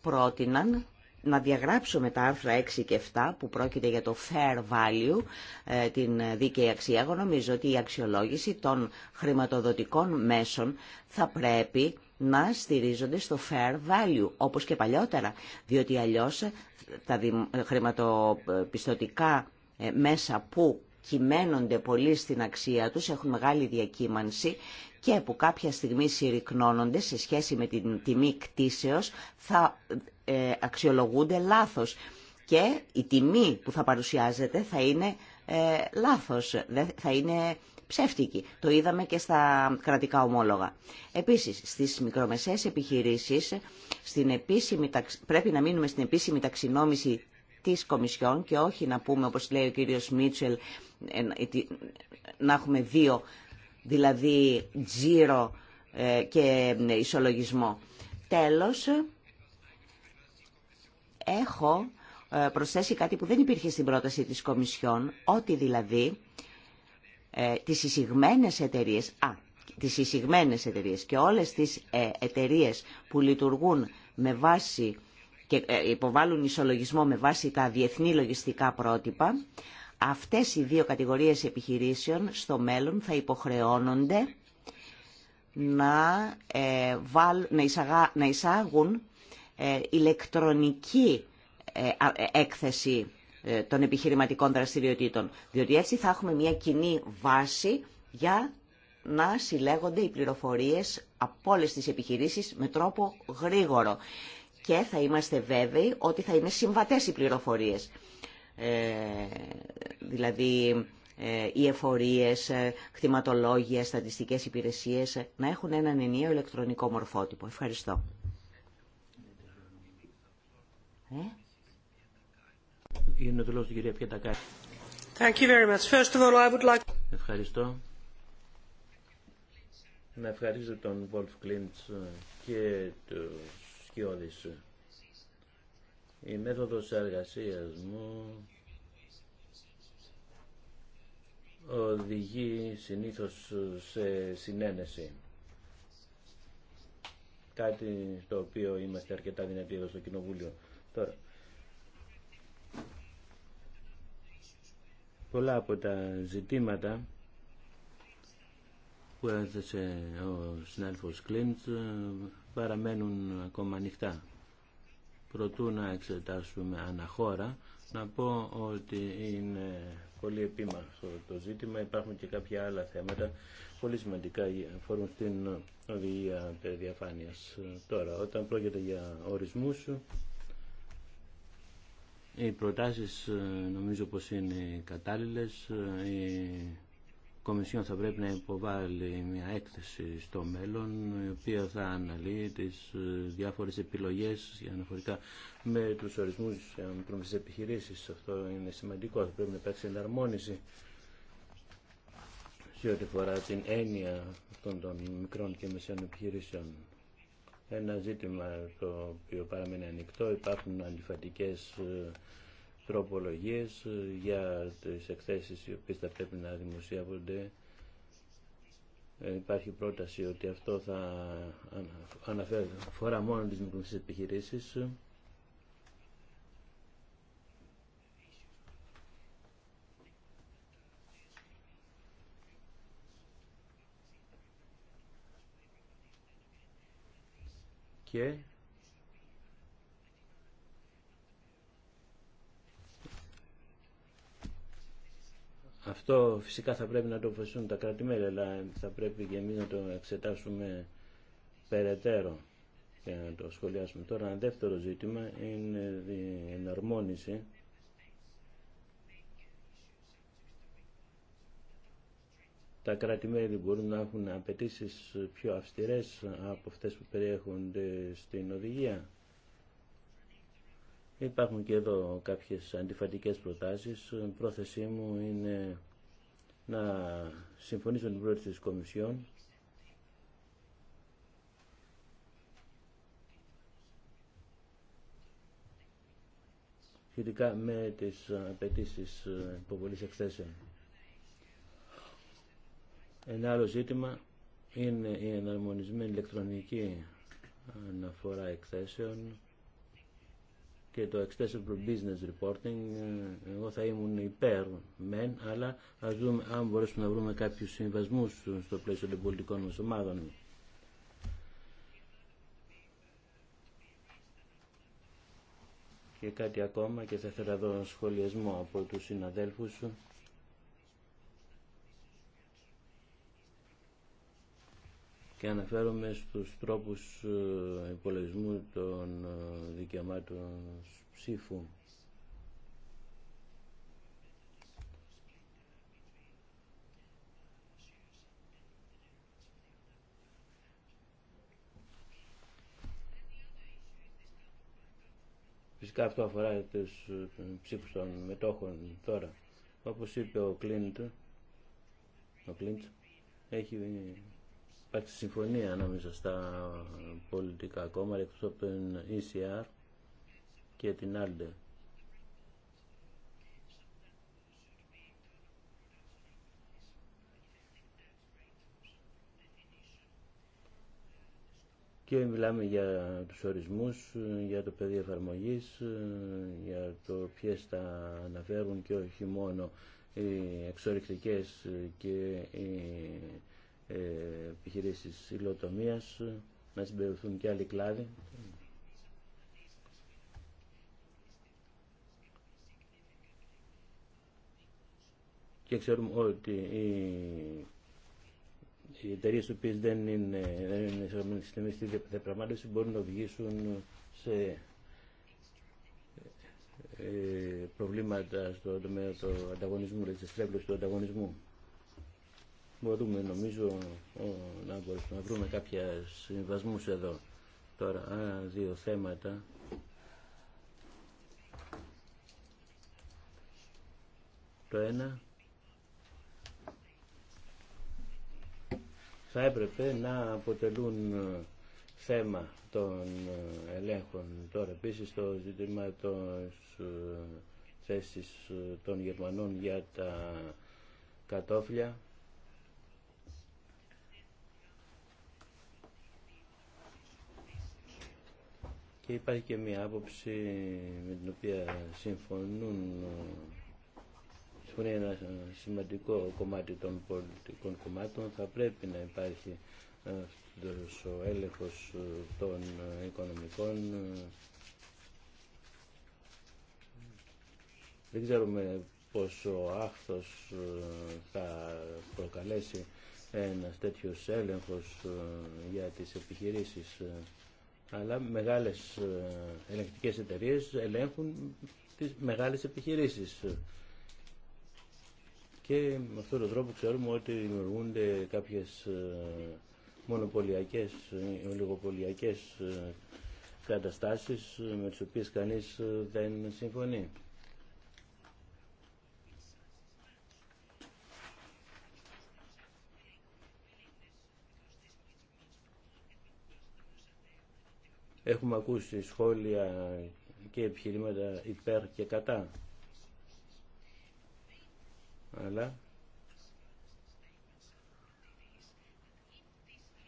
πρότειναν να διαγράψουμε τα άρθρα 6 και 7 που πρόκειται για το fair value, ε, την δίκαιη αξία. Εγώ νομίζω ότι η αξιολόγηση των χρηματοδοτικών μέσων θα πρέπει να στηρίζονται στο fair value, όπως και παλιότερα, διότι αλλιώς ε, τα ε, χρηματοπιστωτικά μέσα που κυμαίνονται πολύ στην αξία τους, έχουν μεγάλη διακύμανση και που κάποια στιγμή συρρυκνώνονται σε σχέση με την τιμή κτίσεως, ε, αξιολογούνται λάθος και η τιμή που θα παρουσιάζεται θα είναι ε, λάθος, θα είναι ψεύτικη. Το είδαμε και στα κρατικά ομόλογα. Επίσης, στις μικρομεσαίες επιχειρήσεις στην επίσημη, πρέπει να μείνουμε στην επίσημη ταξινόμηση της Κομισιόν και όχι να πούμε, όπως λέει ο κύριος Μίτσελ, ε, να έχουμε δύο, δηλαδή τζίρο και ισολογισμό. Τέλος, έχω ε, προσθέσει κάτι που δεν υπήρχε στην πρόταση της Κομισιόν, ότι δηλαδή ε, τις εισηγμένες εταιρείες, α, τις εισηγμένες και όλες τις ε, που λειτουργούν με βάση και ε, υποβάλλουν ισολογισμό με βάση τα διεθνή λογιστικά πρότυπα, αυτές οι δύο κατηγορίες επιχειρήσεων στο μέλλον θα υποχρεώνονται να, ε, βάλ, να εισάγουν ε, ηλεκτρονική ε, ε, έκθεση των επιχειρηματικών δραστηριοτήτων. Διότι έτσι θα έχουμε μια κοινή βάση για να συλλέγονται οι πληροφορίες από όλε τις επιχειρήσεις με τρόπο γρήγορο. Και θα είμαστε βέβαιοι ότι θα είναι συμβατές οι πληροφορίες. Ε, δηλαδή οι εφορίες, ε, κτηματολόγια, στατιστικές υπηρεσίες να έχουν έναν ενιαίο ηλεκτρονικό μορφότυπο. Ευχαριστώ. Ευχαριστώ. Να ευχαριστώ τον Βολφ Κλίντ ε, και του Σκιώδη. Η μέθοδο εργασία μου οδηγεί συνήθω σε συνένεση. Κάτι το οποίο είμαστε αρκετά δυνατοί εδώ στο Κοινοβούλιο. Τώρα. Πολλά από τα ζητήματα που έθεσε ο συνάδελφος Κλίντ ε, παραμένουν ακόμα ανοιχτά. Προτού να εξετάσουμε αναχώρα, να πω ότι είναι πολύ επίμαχο το ζήτημα. Υπάρχουν και κάποια άλλα θέματα πολύ σημαντικά ε, αφορούν στην οδηγία διαφάνειας. Ε, τώρα, όταν πρόκειται για ορισμούς, οι προτάσεις ε, νομίζω πως είναι κατάλληλες. Ε, η Κομισιόν θα πρέπει να υποβάλει μια έκθεση στο μέλλον η οποία θα αναλύει τις ε, διάφορες επιλογές αναφορικά με τους ορισμούς τις επιχειρήσεις. Αυτό είναι σημαντικό. Θα πρέπει να υπάρξει εναρμόνιση σε ό,τι φορά την έννοια αυτών των μικρών και μεσαίων επιχειρήσεων ένα ζήτημα το οποίο παραμένει ανοιχτό. Υπάρχουν αντιφατικές τροπολογίες για τις εκθέσεις οι οποίες θα πρέπει να δημοσιεύονται. Υπάρχει πρόταση ότι αυτό θα αναφέρει φορά μόνο τις μικρομεσαίες επιχειρήσεις. και αυτό φυσικά θα πρέπει να το αποφασίσουν τα κρατη αλλά θα πρέπει και εμείς να το εξετάσουμε περαιτέρω και να το σχολιάσουμε. Τώρα ένα δεύτερο ζήτημα είναι η εναρμόνιση τα κράτη-μέλη μπορούν να έχουν απαιτήσει πιο αυστηρές από αυτέ που περιέχονται στην οδηγία. Υπάρχουν και εδώ κάποιες αντιφατικέ προτάσει. πρόθεσή μου είναι να συμφωνήσω με την πρόεδρο τη Κομισιόν σχετικά με τις απαιτήσει υποβολής εκθέσεων. Ένα άλλο ζήτημα είναι η εναρμονισμένη ηλεκτρονική αναφορά εκθέσεων και το Accessible Business Reporting. Εγώ θα ήμουν υπέρ μεν, αλλά ας δούμε αν μπορέσουμε να βρούμε κάποιου συμβασμού στο πλαίσιο των πολιτικών μας ομάδων. Και κάτι ακόμα και θα ήθελα εδώ σχολιασμό από τους συναδέλφους σου. και αναφέρομαι στους τρόπους ε, υπολογισμού των ε, δικαιωμάτων ψήφου. Φυσικά αυτό αφορά ε, τους ψήφους των μετόχων τώρα. Όπως είπε ο Κλίντ, ο Κλίντ έχει Υπάρχει συμφωνία ανάμεσα στα πολιτικά κόμματα εκτός από την ECR και την ALDE. Και μιλάμε για τους ορισμούς, για το πεδίο εφαρμογής, για το ποιες τα αναφέρουν και όχι μόνο οι εξορυκτικές και οι επιχειρήσεις υλοτομίας, να συμπεριφθούν και άλλοι κλάδοι. Και ξέρουμε ότι οι οι εταιρείε οι οποίε δεν είναι εισαγωγμένε στην στη διαπραγμάτευση μπορούν να οδηγήσουν σε ε, προβλήματα στον τομέα του ανταγωνισμού, δηλαδή σε του ανταγωνισμού μπορούμε νομίζω να μπορούμε να βρούμε κάποια συμβασμούς εδώ. Τώρα, ά δύο θέματα. Το ένα θα έπρεπε να αποτελούν ε, θέμα των ε, ελέγχων. Τώρα επίσης το ζήτημα των ε, θέσης των Γερμανών για τα κατόφλια και υπάρχει και μια άποψη με την οποία συμφωνούν συμφωνεί ένα σημαντικό κομμάτι των πολιτικών κομμάτων θα πρέπει να υπάρχει αυτός ο έλεγχος των οικονομικών δεν ξέρουμε πόσο άχθος θα προκαλέσει ένας τέτοιος έλεγχος για τις επιχειρήσεις αλλά μεγάλες ε, ελεγκτικές εταιρείες ελέγχουν τις μεγάλες επιχειρήσεις. Και με αυτόν τον τρόπο ξέρουμε ότι δημιουργούνται κάποιες ε, μονοπωλιακές, ε, ολιγοπωλιακές καταστάσεις με τις οποίες κανείς δεν συμφωνεί. Έχουμε ακούσει σχόλια και επιχειρήματα υπέρ και κατά. Αλλά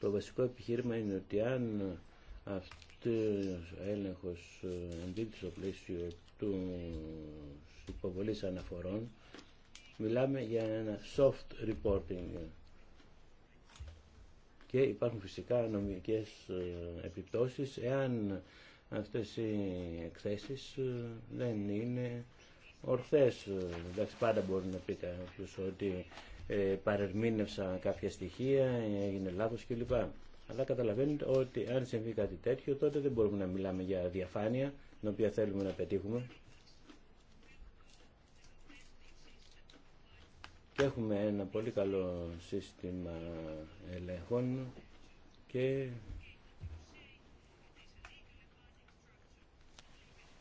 το βασικό επιχείρημα είναι ότι αν αυτό ο έλεγχος εμπίπτει στο πλαίσιο του υποβολής αναφορών, μιλάμε για ένα soft reporting και υπάρχουν φυσικά νομικές ε, επιπτώσεις εάν αυτές οι εκθέσεις ε, δεν είναι ορθές. Ε, εντάξει, πάντα μπορεί να πει κάποιο ότι παρερμήνευσα κάποια στοιχεία, έγινε λάθος κλπ. Αλλά καταλαβαίνετε ότι αν συμβεί κάτι τέτοιο τότε δεν μπορούμε να μιλάμε για διαφάνεια, την οποία θέλουμε να πετύχουμε. και έχουμε ένα πολύ καλό σύστημα ελέγχων και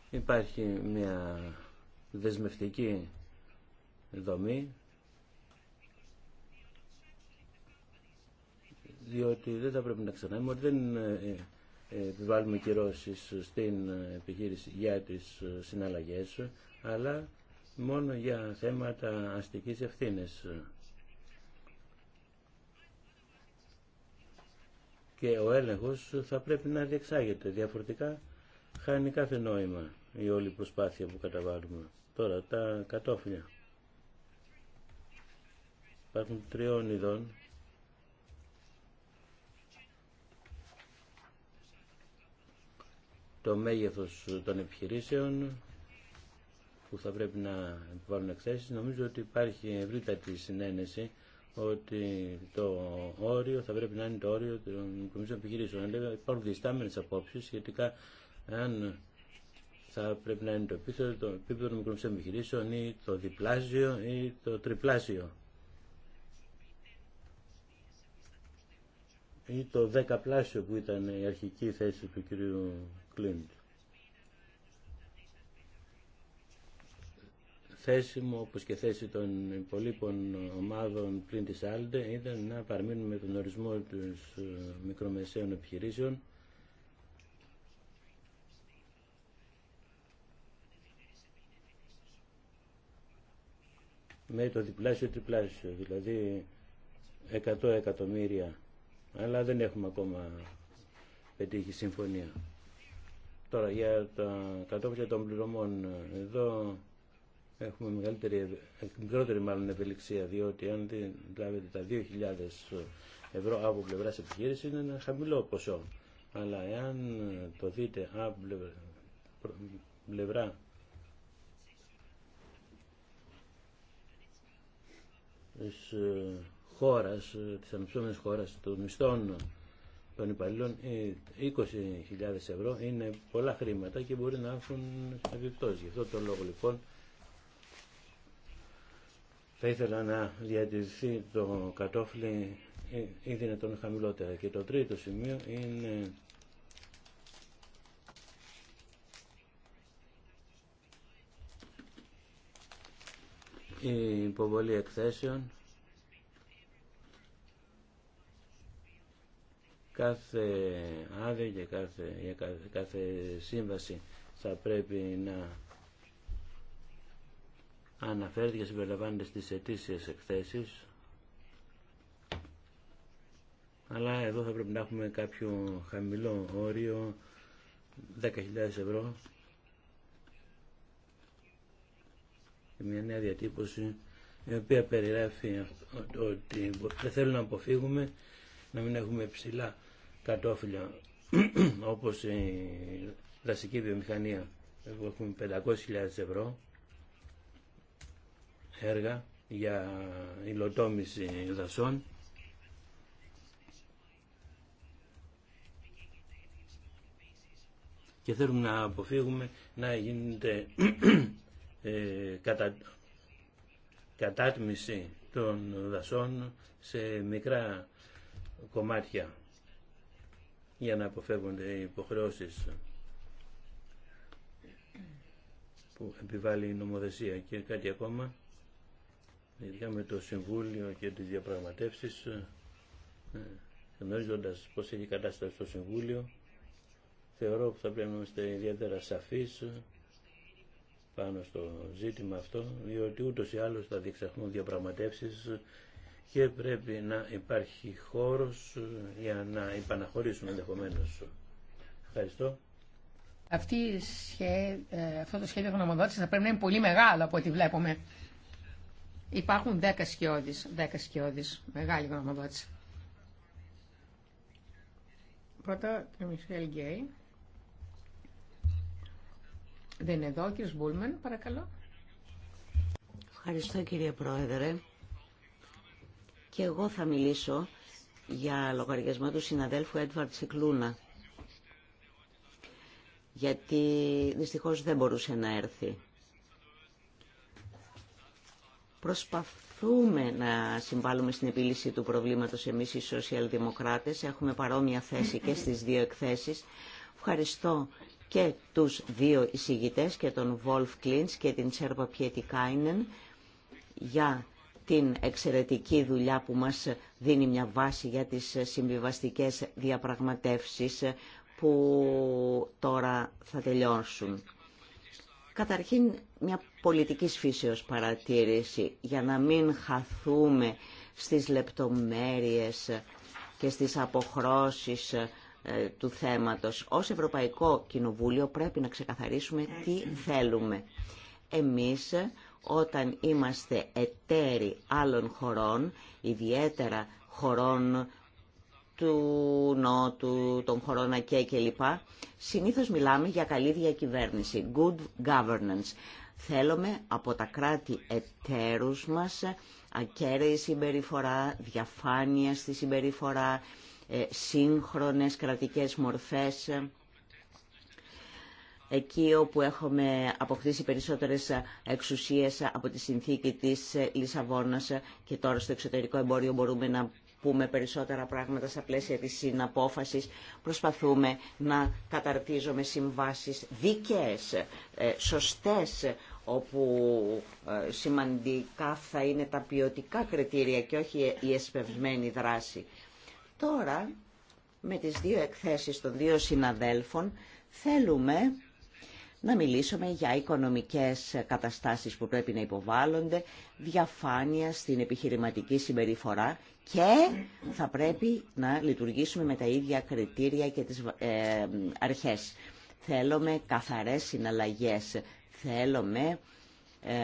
υπάρχει μια δεσμευτική δομή διότι δεν θα πρέπει να ξεχνάμε ότι δεν ε, ε, επιβάλλουμε κυρώσεις στην επιχείρηση για τις συναλλαγές αλλά μόνο για θέματα αστικής ευθύνης. Και ο έλεγχος θα πρέπει να διεξάγεται. Διαφορετικά χάνει κάθε νόημα η όλη προσπάθεια που καταβάλουμε. Τώρα τα κατόφλια. Υπάρχουν τριών ειδών. Το μέγεθος των επιχειρήσεων, που θα πρέπει να βάλουν εκθέσεις, νομίζω ότι υπάρχει ευρύτατη συνένεση ότι το όριο θα πρέπει να είναι το όριο των κομισιών επιχειρήσεων. υπάρχουν διστάμενες απόψεις σχετικά αν θα πρέπει να είναι το επίπεδο, το των μικρομεσαίων επιχειρήσεων ή το διπλάσιο ή το τριπλάσιο ή το δεκαπλάσιο που ήταν η αρχική θέση του κυρίου Κλίντ. θέση μου, όπως και θέση των υπολείπων ομάδων πριν της άλτε ήταν να παραμείνουμε τον ορισμό των ε, μικρομεσαίων επιχειρήσεων με το διπλάσιο-τριπλάσιο, δηλαδή 100 εκατομμύρια. Αλλά δεν έχουμε ακόμα πετύχει συμφωνία. Τώρα για τα κατόπια των πληρωμών, ε, εδώ έχουμε μεγαλύτερη, μικρότερη μάλλον ευελιξία, διότι αν λάβετε τα 2.000 ευρώ από πλευρά επιχείρηση είναι ένα χαμηλό ποσό. Αλλά εάν το δείτε από πλευρά της ε, χώρας, της ανεψόμενης χώρας των μισθών των υπαλλήλων 20.000 ε, ευρώ είναι πολλά χρήματα και μπορεί να έχουν επιπτώσει. Γι' αυτό το λόγο λοιπόν θα ήθελα να διατηρηθεί το κατόφλι ε, ή δυνατόν χαμηλότερα. Και το τρίτο σημείο είναι η υποβολή εκθέσεων κάθε άδεια και κάθε, κάθε, κάθε σύμβαση θα πρέπει να αναφέρεται για συμπεριλαμβάνεται στις ετήσιες εκθέσεις αλλά εδώ θα πρέπει να έχουμε κάποιο χαμηλό όριο 10.000 ευρώ και μια νέα διατύπωση η οποία περιγράφει ότι δεν θέλουμε να αποφύγουμε να μην έχουμε ψηλά κατόφυλλα όπως η δασική βιομηχανία που έχουμε 500.000 ευρώ έργα για υλοτόμηση δασών και θέλουμε να αποφύγουμε να γίνεται ε, κατα, κατάτμιση των δασών σε μικρά κομμάτια για να αποφεύγονται οι υποχρεώσεις που επιβάλλει η νομοθεσία και κάτι ακόμα ειδικά με το Συμβούλιο και τις διαπραγματεύσεις, ε, γνωρίζοντας πώς έχει κατάσταση το Συμβούλιο, θεωρώ ότι θα πρέπει να είμαστε ιδιαίτερα σαφείς ε, πάνω στο ζήτημα αυτό, διότι ούτως ή άλλως θα διεξαχθούν διαπραγματεύσεις και πρέπει να υπάρχει χώρος ε, για να υπαναχωρήσουν ενδεχομένω. Ευχαριστώ. Αυτή, αυτό το σχέδιο γνωμοδότηση θα πρέπει να είναι πολύ μεγάλο από ό,τι βλέπουμε. Υπάρχουν δέκα σκιώδεις, Δέκα σκιώδεις, μεγάλη γνωμοδότηση. Πρώτα, ο Μισελ Γκέι. Δεν είναι εδώ, κύριος Μπούλμεν, παρακαλώ. Ευχαριστώ κύριε Πρόεδρε. Και εγώ θα μιλήσω για λογαριασμό του συναδέλφου Έντβαρτ Σικλούνα. Γιατί δυστυχώς δεν μπορούσε να έρθει. Προσπαθούμε να συμβάλλουμε στην επίλυση του προβλήματος εμείς οι σοσιαλδημοκράτες. Έχουμε παρόμοια θέση και στις δύο εκθέσεις. Ευχαριστώ και τους δύο εισηγητές και τον Βολφ Κλίντς και την Τσέρβα Πιετικάινεν για την εξαιρετική δουλειά που μας δίνει μια βάση για τις συμβιβαστικές διαπραγματεύσεις που τώρα θα τελειώσουν. Καταρχήν μια πολιτικής φύσεως παρατήρηση για να μην χαθούμε στις λεπτομέρειες και στις αποχρώσεις ε, του θέματος. Ως Ευρωπαϊκό Κοινοβούλιο πρέπει να ξεκαθαρίσουμε τι θέλουμε. Εμείς όταν είμαστε εταίροι άλλων χωρών, ιδιαίτερα χωρών του Νότου, των χωρών ΑΚΕ κλπ. Συνήθως μιλάμε για καλή διακυβέρνηση, good governance. Θέλουμε από τα κράτη εταίρους μας ακέραιη συμπεριφορά, διαφάνεια στη συμπεριφορά, ε, σύγχρονες κρατικές μορφές. Εκεί όπου έχουμε αποκτήσει περισσότερες εξουσίες από τη συνθήκη της Λισαβόνας και τώρα στο εξωτερικό εμπόριο μπορούμε να πούμε περισσότερα πράγματα στα πλαίσια της συναπόφασης. Προσπαθούμε να καταρτίζουμε συμβάσεις δίκαιες, ε, σωστές, όπου ε, σημαντικά θα είναι τα ποιοτικά κριτήρια και όχι η εσπευσμένη δράση. Τώρα, με τις δύο εκθέσεις των δύο συναδέλφων, θέλουμε να μιλήσουμε για οικονομικές καταστάσεις που πρέπει να υποβάλλονται, διαφάνεια στην επιχειρηματική συμπεριφορά και θα πρέπει να λειτουργήσουμε με τα ίδια κριτήρια και τις ε, αρχές. Θέλουμε καθαρές συναλλαγές θέλουμε ε,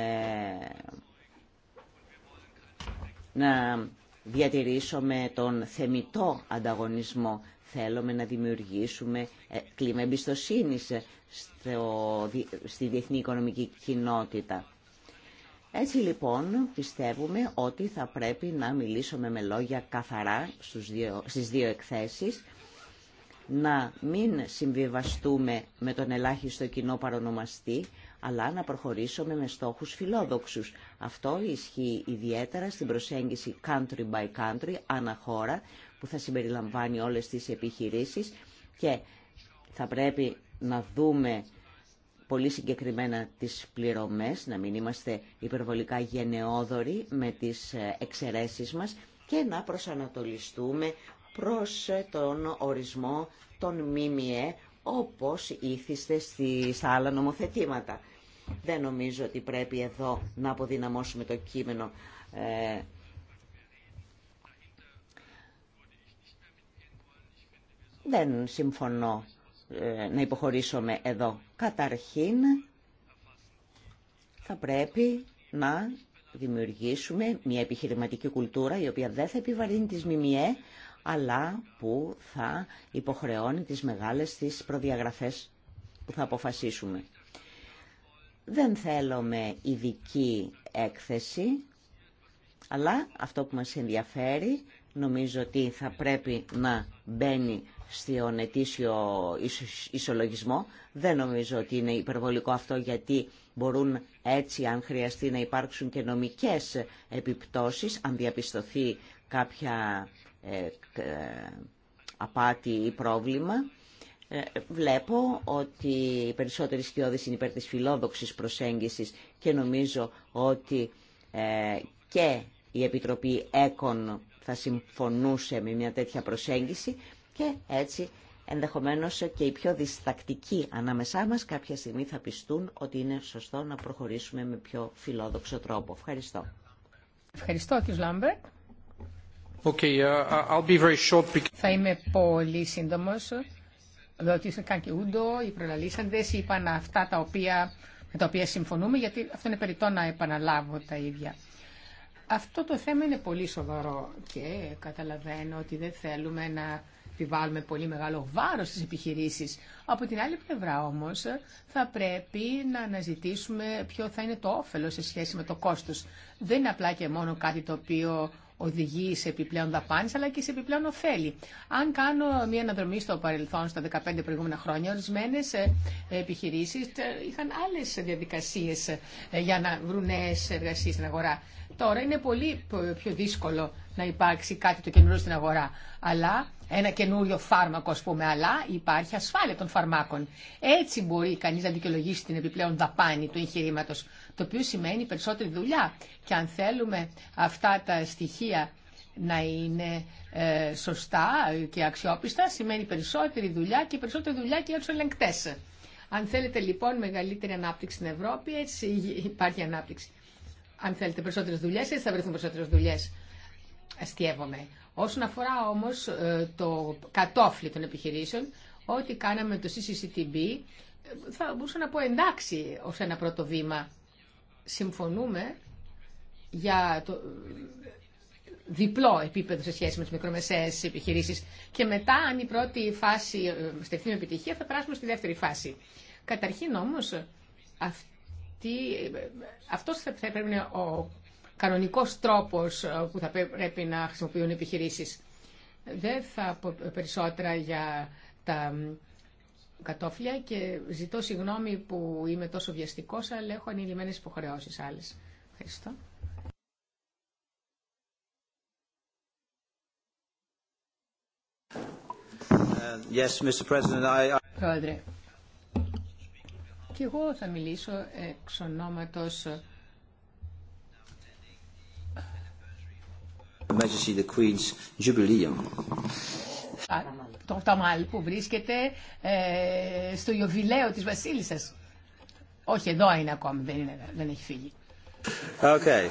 να διατηρήσουμε τον θεμητό ανταγωνισμό. Θέλουμε να δημιουργήσουμε ε, κλίμα εμπιστοσύνη στη διεθνή οικονομική κοινότητα. Έτσι λοιπόν πιστεύουμε ότι θα πρέπει να μιλήσουμε με λόγια καθαρά στους δύο, στις δύο εκθέσεις, να μην συμβιβαστούμε με τον ελάχιστο κοινό παρονομαστή, αλλά να προχωρήσουμε με στόχους φιλόδοξους. Αυτό ισχύει ιδιαίτερα στην προσέγγιση country by country, αναχώρα, που θα συμπεριλαμβάνει όλες τις επιχειρήσεις και θα πρέπει να δούμε πολύ συγκεκριμένα τις πληρωμές, να μην είμαστε υπερβολικά γενναιόδοροι με τις εξαιρέσεις μας και να προσανατολιστούμε προς τον ορισμό των ΜΜΕ όπως ήθιστε στα άλλα νομοθετήματα. Δεν νομίζω ότι πρέπει εδώ να αποδυναμώσουμε το κείμενο. Ε, δεν συμφωνώ ε, να υποχωρήσουμε εδώ. Καταρχήν θα πρέπει να δημιουργήσουμε μια επιχειρηματική κουλτούρα η οποία δεν θα επιβαρύνει τις ΜΜΕ αλλά που θα υποχρεώνει τις μεγάλες τις προδιαγραφές που θα αποφασίσουμε. Δεν θέλουμε ειδική έκθεση, αλλά αυτό που μας ενδιαφέρει νομίζω ότι θα πρέπει να μπαίνει στον ετήσιο ισολογισμό. Δεν νομίζω ότι είναι υπερβολικό αυτό γιατί μπορούν έτσι αν χρειαστεί να υπάρξουν και νομικές επιπτώσεις αν διαπιστωθεί κάποια ε, απάτη ή πρόβλημα. Ε, βλέπω ότι οι περισσότεροι σκιώδεις είναι υπέρ της φιλόδοξης προσέγγισης και νομίζω ότι ε, και η Επιτροπή ΕΚΟΝ θα συμφωνούσε με μια τέτοια προσέγγιση και έτσι ενδεχομένως και οι πιο διστακτικοί ανάμεσά μας κάποια στιγμή θα πιστούν ότι είναι σωστό να προχωρήσουμε με πιο φιλόδοξο τρόπο. Ευχαριστώ. Ευχαριστώ κύριε Uh, uh, θα είμαι πολύ σύντομο Ρωτήσα καν και ούντο, οι προλαλήσαντε είπαν αυτά τα οποία, με τα οποία συμφωνούμε, γιατί αυτό είναι περιττό να επαναλάβω τα ίδια. Αυτό το θέμα είναι πολύ σοβαρό και καταλαβαίνω ότι δεν θέλουμε να επιβάλλουμε πολύ μεγάλο βάρος στις επιχειρήσεις. Από την άλλη πλευρά όμως θα πρέπει να αναζητήσουμε ποιο θα είναι το όφελο σε σχέση με το κόστος. Δεν είναι απλά και μόνο κάτι το οποίο οδηγεί σε επιπλέον δαπάνες αλλά και σε επιπλέον ωφέλη. Αν κάνω μια αναδρομή στο παρελθόν, στα 15 προηγούμενα χρόνια, ορισμένε ε, επιχειρήσεις είχαν άλλες διαδικασίες ε, για να βρουν νέε εργασίες στην αγορά. Τώρα είναι πολύ πιο δύσκολο να υπάρξει κάτι το καινούριο στην αγορά. Αλλά ένα καινούριο φάρμακο, α πούμε, αλλά υπάρχει ασφάλεια των φαρμάκων. Έτσι μπορεί κανεί να δικαιολογήσει την επιπλέον δαπάνη του εγχειρήματο το οποίο σημαίνει περισσότερη δουλειά. Και αν θέλουμε αυτά τα στοιχεία να είναι ε, σωστά και αξιόπιστα, σημαίνει περισσότερη δουλειά και περισσότερη δουλειά και για του ελεγκτές. Αν θέλετε λοιπόν μεγαλύτερη ανάπτυξη στην Ευρώπη, έτσι υπάρχει ανάπτυξη. Αν θέλετε περισσότερε δουλειέ, έτσι θα βρεθούν περισσότερε δουλειέ. Αστείευομαι. Όσον αφορά όμω ε, το κατόφλι των επιχειρήσεων, ό,τι κάναμε το CCCTB ε, θα μπορούσα να πω εντάξει ω ένα πρώτο βήμα συμφωνούμε για το διπλό επίπεδο σε σχέση με τις μικρομεσαίες επιχειρήσεις και μετά αν η πρώτη φάση ε, στεφθεί με επιτυχία θα περάσουμε στη δεύτερη φάση. Καταρχήν όμως αυτή, ε, αυτός θα πρέπει να είναι ο κανονικός τρόπος ε, που θα πρέπει να χρησιμοποιούν οι επιχειρήσεις. Δεν θα πω περισσότερα για τα κατόφλια και ζητώ συγγνώμη που είμαι τόσο βιαστικός, αλλά έχω ανηλυμένες υποχρεώσεις άλλες. Ευχαριστώ. Ε, yes, Mr. President, I... Πρόεδρε, και εγώ θα μιλήσω εξ ονόματος ε, Majesty the Queen's Jubilee το Φταμάλ που βρίσκεται ε, στο Ιωβιλέο της Βασίλισσας. Όχι, εδώ είναι ακόμη, δεν, είναι, δεν έχει φύγει. Okay.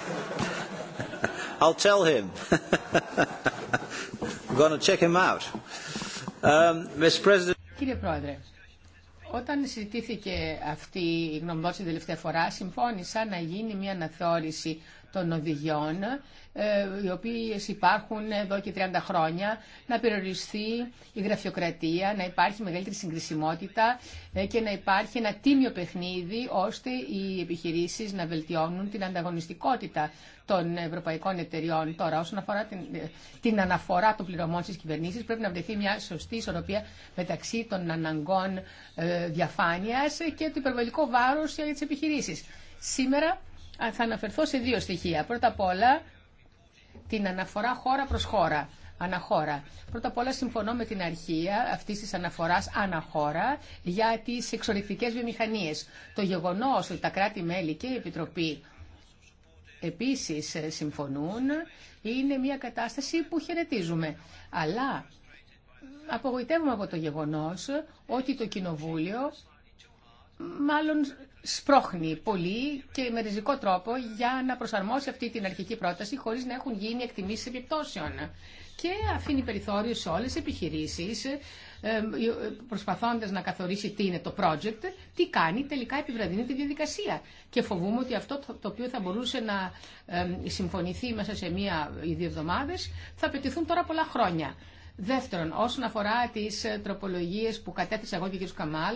I'll tell him. I'm going check him out. Mr. Um, President... Κύριε Πρόεδρε, όταν συζητήθηκε αυτή η γνωμοδότηση τελευταία φορά, συμφώνησα να γίνει μια αναθεώρηση των οδηγιών, ε, οι οποίες υπάρχουν εδώ και 30 χρόνια, να περιοριστεί η γραφειοκρατία, να υπάρχει μεγαλύτερη συγκρισιμότητα ε, και να υπάρχει ένα τίμιο παιχνίδι, ώστε οι επιχειρήσεις να βελτιώνουν την ανταγωνιστικότητα των ευρωπαϊκών εταιριών. Τώρα, όσον αφορά την, ε, την αναφορά των πληρωμών στις κυβερνήσει, πρέπει να βρεθεί μια σωστή ισορροπία μεταξύ των αναγκών διαφάνεια και του υπερβολικού βάρου για τι επιχειρήσει. Σήμερα θα αναφερθώ σε δύο στοιχεία. Πρώτα απ' όλα την αναφορά χώρα προς χώρα. Αναχώρα. Πρώτα απ' όλα συμφωνώ με την αρχή αυτή τη αναφορά αναχώρα για τι εξορρυκτικέ βιομηχανίε. Το γεγονό ότι τα κράτη-μέλη και η Επιτροπή επίση συμφωνούν είναι μια κατάσταση που χαιρετίζουμε. Αλλά απογοητεύουμε από το γεγονός ότι το Κοινοβούλιο μάλλον σπρώχνει πολύ και με ριζικό τρόπο για να προσαρμόσει αυτή την αρχική πρόταση χωρίς να έχουν γίνει εκτιμήσεις επιπτώσεων. Και αφήνει περιθώριο σε όλες τις επιχειρήσεις ε, προσπαθώντας να καθορίσει τι είναι το project, τι κάνει, τελικά επιβραδύνει τη διαδικασία. Και φοβούμαι ότι αυτό το οποίο θα μπορούσε να ε, συμφωνηθεί μέσα σε μία ή δύο εβδομάδες θα απαιτηθούν τώρα πολλά χρόνια. Δεύτερον, όσον αφορά τις ε, τροπολογίες που κατέθεσα εγώ και ο κ. Καμάλ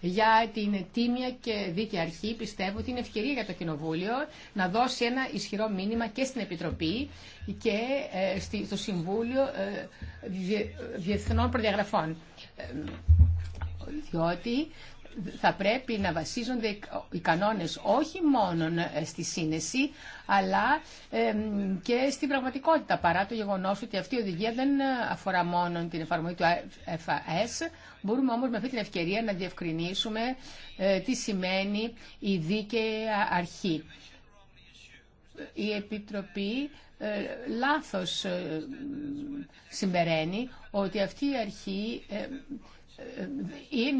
για την τίμια και δίκαιη αρχή, πιστεύω ότι είναι ευκαιρία για το Κοινοβούλιο να δώσει ένα ισχυρό μήνυμα και στην Επιτροπή και ε, στο Συμβούλιο ε, Διεθνών Προδιαγραφών. Διότι θα πρέπει να βασίζονται οι κανόνες όχι μόνο στη σύνεση αλλά και στην πραγματικότητα παρά το γεγονός ότι αυτή η οδηγία δεν αφορά μόνο την εφαρμογή του FAS μπορούμε όμως με αυτή την ευκαιρία να διευκρινίσουμε ε, τι σημαίνει η δίκαια αρχή. Η Επιτροπή ε, λάθος ε, συμπεραίνει ότι αυτή η αρχή ε,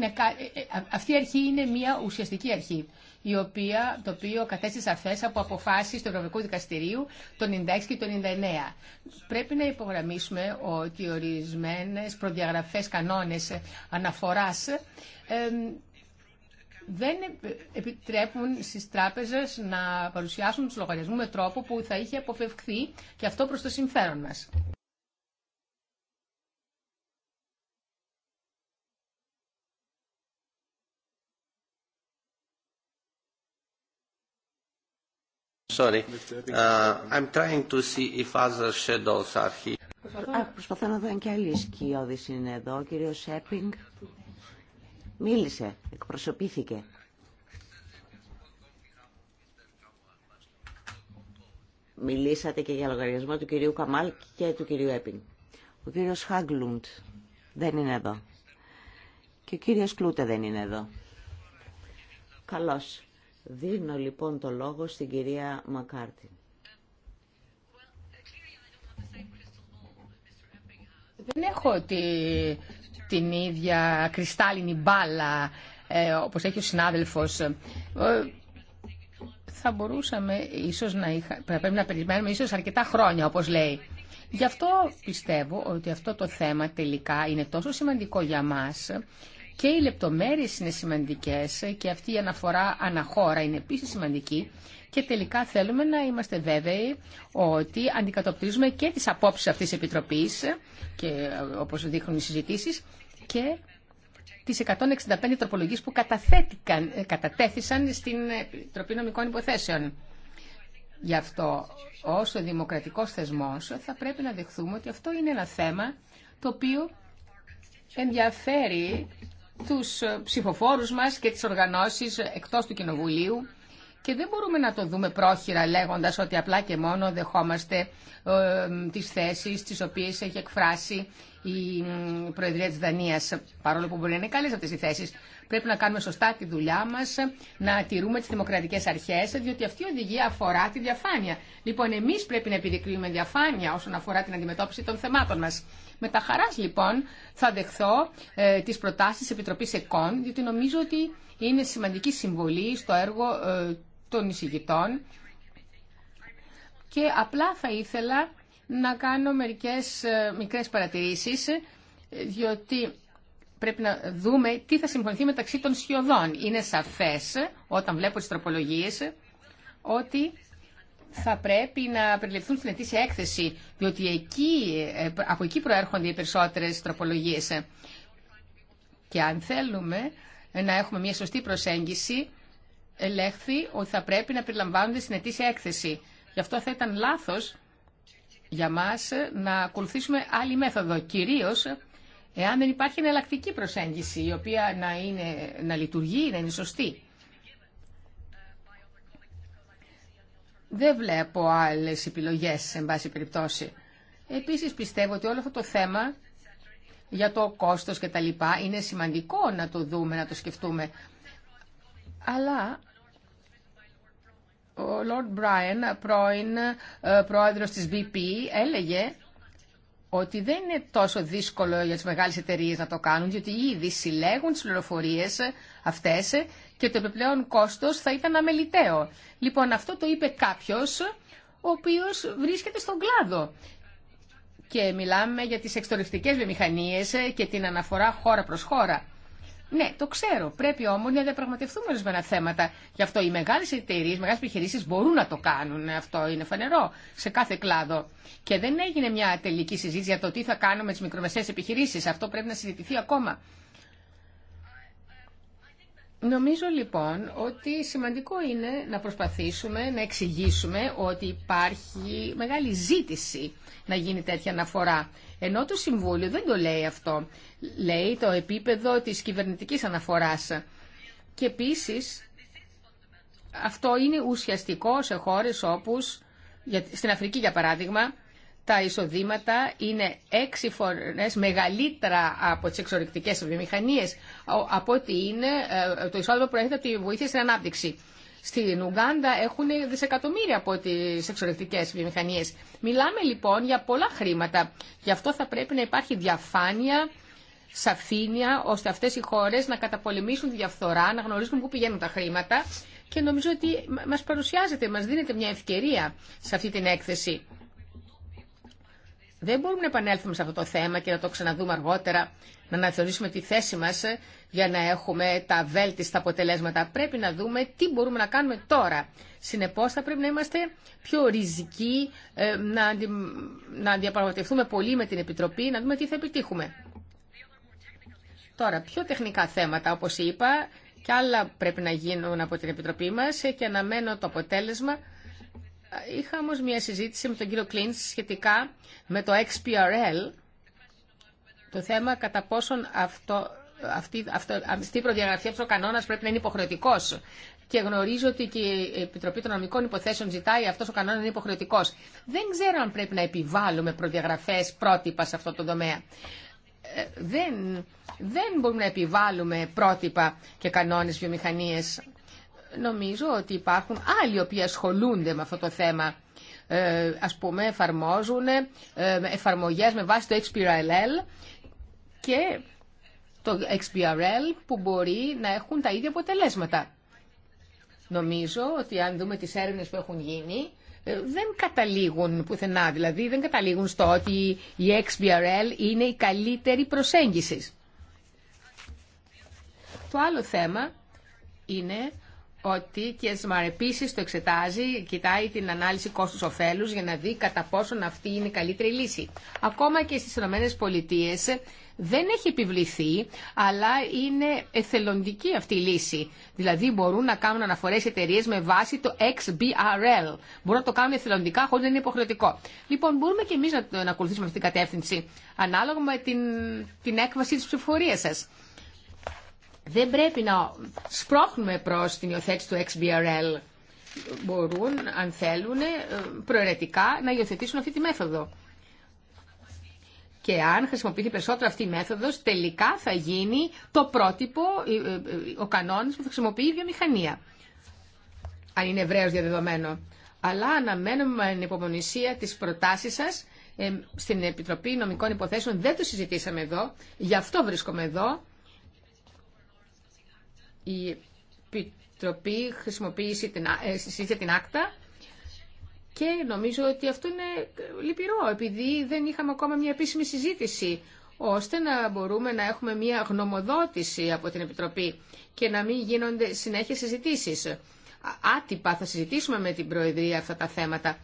ε, αυτή η αρχή είναι μια ουσιαστική αρχή, η οποία, το οποίο κατέστησε σαφέ από αποφάσεις του Ευρωπαϊκού Δικαστηρίου το 1996 και το 99. Πρέπει να υπογραμμίσουμε ότι ορισμένε προδιαγραφές κανόνες ε, αναφοράς δεν επιτρέπουν στις τράπεζες να παρουσιάσουν τους λογαριασμούς με τρόπο που θα είχε αποφευχθεί και αυτό προς το συμφέρον μας. sorry. Uh, I'm trying to see προσπαθώ να δω αν και άλλοι σκιώδεις είναι εδώ. Ο κύριος Σέπινγκ μίλησε, εκπροσωπήθηκε. Μιλήσατε και για λογαριασμό του κυρίου Καμάλ και του κυρίου Έπινγκ. Ο κύριος Χάγκλουντ δεν είναι εδώ. Και ο κύριος Κλούτε δεν είναι εδώ. Καλώς. Δίνω λοιπόν το λόγο στην κυρία Μακάρτιν. Δεν έχω την ίδια κρυστάλλινη μπάλα ε, όπως έχει ο συνάδελφος. Ε, θα μπορούσαμε ίσως να είχα, πρέπει να περιμένουμε ίσως αρκετά χρόνια όπως λέει. Γι' αυτό πιστεύω ότι αυτό το θέμα τελικά είναι τόσο σημαντικό για μας και οι λεπτομέρειες είναι σημαντικές και αυτή η αναφορά αναχώρα είναι επίσης σημαντική και τελικά θέλουμε να είμαστε βέβαιοι ότι αντικατοπτρίζουμε και τις απόψεις αυτής της Επιτροπής και όπως δείχνουν οι συζητήσεις και τις 165 τροπολογίες που καταθέτηκαν, ε, κατατέθησαν στην Επιτροπή Νομικών Υποθέσεων. Γι' αυτό, ως ο δημοκρατικός θεσμός, θα πρέπει να δεχθούμε ότι αυτό είναι ένα θέμα το οποίο ενδιαφέρει τους ε, ψηφοφόρους μας και τις οργανώσεις εκτός του Κοινοβουλίου και δεν μπορούμε να το δούμε πρόχειρα λέγοντας ότι απλά και μόνο δεχόμαστε ε, τις θέσεις τις οποίες έχει εκφράσει η Προεδρία της Δανίας. Παρόλο που μπορεί να είναι καλές αυτές οι θέσεις, πρέπει να κάνουμε σωστά τη δουλειά μας, να τηρούμε τις δημοκρατικές αρχές, διότι αυτή η οδηγία αφορά τη διαφάνεια. Λοιπόν, εμείς πρέπει να επιδεικνύουμε διαφάνεια όσον αφορά την αντιμετώπιση των θεμάτων μας. Με τα χαράς, λοιπόν, θα δεχθώ ε, τις προτάσεις της Επιτροπής ΕΚΟΝ, διότι νομίζω ότι είναι σημαντική συμβολή στο έργο ε, των εισηγητών και απλά θα ήθελα να κάνω μερικές ε, μικρές παρατηρήσεις, ε, διότι πρέπει να δούμε τι θα συμφωνηθεί μεταξύ των σιωδών. Είναι σαφές, ε, όταν βλέπω τις τροπολογίες, ότι θα πρέπει να περιληφθούν στην ετήσια έκθεση, διότι εκεί, από εκεί προέρχονται οι περισσότερες τροπολογίες. Και αν θέλουμε να έχουμε μια σωστή προσέγγιση, ελέγχθη ότι θα πρέπει να περιλαμβάνονται στην ετήσια έκθεση. Γι' αυτό θα ήταν λάθος για μας να ακολουθήσουμε άλλη μέθοδο, κυρίως εάν δεν υπάρχει εναλλακτική προσέγγιση η οποία να, είναι, να λειτουργεί, να είναι σωστή. Δεν βλέπω άλλες επιλογές, σε πάση περιπτώσει. Επίσης πιστεύω ότι όλο αυτό το θέμα για το κόστος και τα λοιπά είναι σημαντικό να το δούμε, να το σκεφτούμε. Αλλά ο Λόρντ Μπράιν, πρώην ε, πρόεδρος της BP, έλεγε ότι δεν είναι τόσο δύσκολο για τις μεγάλες εταιρείε να το κάνουν, διότι ήδη συλλέγουν τις πληροφορίες αυτές και το επιπλέον κόστος θα ήταν αμεληταίο. Λοιπόν, αυτό το είπε κάποιος ο οποίος βρίσκεται στον κλάδο. Και μιλάμε για τις εξωτερικέ βιομηχανίες και την αναφορά χώρα προς χώρα. Ναι, το ξέρω. Πρέπει όμω να διαπραγματευτούμε ορισμένα θέματα. Γι' αυτό οι μεγάλε εταιρείε, οι μεγάλε επιχειρήσει μπορούν να το κάνουν. Ναι, αυτό είναι φανερό σε κάθε κλάδο. Και δεν έγινε μια τελική συζήτηση για το τι θα κάνουμε με τι μικρομεσαίε επιχειρήσει. Αυτό πρέπει να συζητηθεί ακόμα. Νομίζω λοιπόν ότι σημαντικό είναι να προσπαθήσουμε να εξηγήσουμε ότι υπάρχει μεγάλη ζήτηση να γίνει τέτοια αναφορά ενώ το Συμβούλιο δεν το λέει αυτό. Λέει το επίπεδο της κυβερνητικής αναφοράς. Και επίσης αυτό είναι ουσιαστικό σε χώρες όπως, στην Αφρική για παράδειγμα, τα εισοδήματα είναι έξι φορές μεγαλύτερα από τις εξορρυκτικές βιομηχανίες από ότι είναι ε, ε, το εισόδημα που προέρχεται από τη βοήθεια στην ανάπτυξη στην Ουγγάντα έχουν δισεκατομμύρια από τις εξορρεκτικές βιομηχανίες. Μιλάμε λοιπόν για πολλά χρήματα. Γι' αυτό θα πρέπει να υπάρχει διαφάνεια, σαφήνεια, ώστε αυτές οι χώρες να καταπολεμήσουν τη διαφθορά, να γνωρίζουν πού πηγαίνουν τα χρήματα και νομίζω ότι μας παρουσιάζεται, μας δίνεται μια ευκαιρία σε αυτή την έκθεση. Δεν μπορούμε να επανέλθουμε σε αυτό το θέμα και να το ξαναδούμε αργότερα να αναθεωρήσουμε τη θέση μας ε, για να έχουμε τα βέλτιστα αποτελέσματα. Πρέπει να δούμε τι μπορούμε να κάνουμε τώρα. Συνεπώς θα πρέπει να είμαστε πιο ριζικοί, ε, να διαπραγματευτούμε πολύ με την Επιτροπή, να δούμε τι θα επιτύχουμε. Τώρα, πιο τεχνικά θέματα, όπως είπα, και άλλα πρέπει να γίνουν από την Επιτροπή μας ε, και αναμένω το αποτέλεσμα. Είχα όμως μια συζήτηση με τον κύριο Κλίντς σχετικά με το XPRL, το θέμα κατά πόσον αυτό, αυτή, αυτό, αυτή η προδιαγραφή, αυτό ο κανόνας πρέπει να είναι υποχρεωτικός. Και γνωρίζω ότι και η Επιτροπή των Νομικών Υποθέσεων ζητάει αυτό ο κανόνα είναι υποχρεωτικό. Δεν ξέρω αν πρέπει να επιβάλλουμε προδιαγραφέ πρότυπα σε αυτό το τομέα. Ε, δεν, δεν μπορούμε να επιβάλλουμε πρότυπα και κανόνε βιομηχανίε. Νομίζω ότι υπάρχουν άλλοι οποίοι ασχολούνται με αυτό το θέμα. Ε, ας πούμε εφαρμόζουν ε, με βάση το XPRLL και το XBRL που μπορεί να έχουν τα ίδια αποτελέσματα. Νομίζω ότι αν δούμε τις έρευνες που έχουν γίνει, ε, δεν καταλήγουν πουθενά, δηλαδή δεν καταλήγουν στο ότι η XBRL είναι η καλύτερη προσέγγιση. Το άλλο θέμα είναι ότι και ΣΜΑΡ επίση το εξετάζει, κοιτάει την ανάλυση κόστους ωφέλους για να δει κατά πόσον αυτή είναι η καλύτερη λύση. Ακόμα και στις ΗΠΑ δεν έχει επιβληθεί, αλλά είναι εθελοντική αυτή η λύση. Δηλαδή μπορούν να κάνουν αναφορές εταιρείε με βάση το XBRL. Μπορούν να το κάνουν εθελοντικά χωρίς να είναι υποχρεωτικό. Λοιπόν, μπορούμε και εμείς να, να ακολουθήσουμε αυτή την κατεύθυνση, ανάλογα με την, την έκβαση της ψηφοφορίας σα. Δεν πρέπει να σπρώχνουμε προ την υιοθέτηση του XBRL μπορούν, αν θέλουν, ε, προαιρετικά να υιοθετήσουν αυτή τη μέθοδο και αν χρησιμοποιηθεί περισσότερο αυτή η μέθοδος, τελικά θα γίνει το πρότυπο, ε, ε, ο κανόνας που θα χρησιμοποιεί η βιομηχανία. Αν είναι ευρέως διαδεδομένο. Αλλά αναμένουμε με υπομονησία τις προτάσεις σας ε, στην Επιτροπή Νομικών Υποθέσεων. Δεν το συζητήσαμε εδώ, γι' αυτό βρίσκομαι εδώ. Η Επιτροπή χρησιμοποίησε την, άκτα και νομίζω ότι αυτό είναι λυπηρό, επειδή δεν είχαμε ακόμα μια επίσημη συζήτηση, ώστε να μπορούμε να έχουμε μια γνωμοδότηση από την Επιτροπή και να μην γίνονται συνέχεια συζητήσεις. Άτυπα θα συζητήσουμε με την Προεδρία αυτά τα θέματα,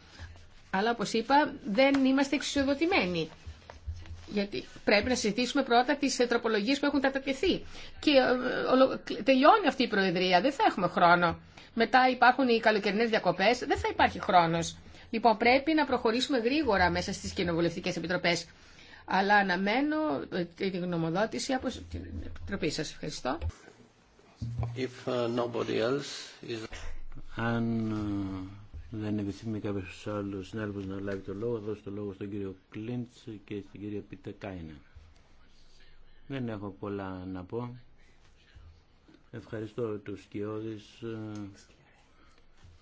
αλλά όπως είπα δεν είμαστε εξουσιοδοτημένοι. Γιατί πρέπει να συζητήσουμε πρώτα τι ε, τροπολογίε που έχουν κατατεθεί. Και ε, τελειώνει αυτή η Προεδρία, δεν θα έχουμε χρόνο μετά υπάρχουν οι καλοκαιρινέ διακοπέ, δεν θα υπάρχει χρόνο. Λοιπόν, πρέπει να προχωρήσουμε γρήγορα μέσα στι κοινοβουλευτικέ επιτροπέ. Αλλά αναμένω ε, τη γνωμοδότηση από την Επιτροπή σα Ευχαριστώ. If uh, nobody else is... Αν ε, δεν επιθυμεί κάποιο άλλο συνάδελφο να λάβει το λόγο, δώσω το λόγο στον κύριο Κλίντ και στην κυρία Πίτερ Κάινα. Δεν έχω πολλά να πω. Ευχαριστώ τους Κιώδης ε,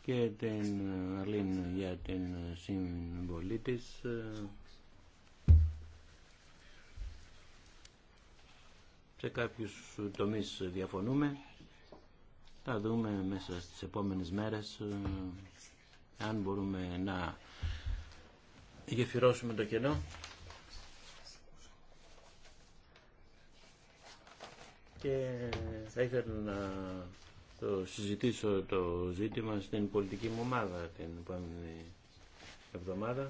και την Αρλίν για την συμβολή της. Ε. Σε κάποιους τομείς διαφωνούμε. Θα δούμε μέσα στις επόμενες μέρες ε, αν μπορούμε να γεφυρώσουμε το κενό. και θα ήθελα να το συζητήσω το ζήτημα στην πολιτική μου ομάδα την επόμενη εβδομάδα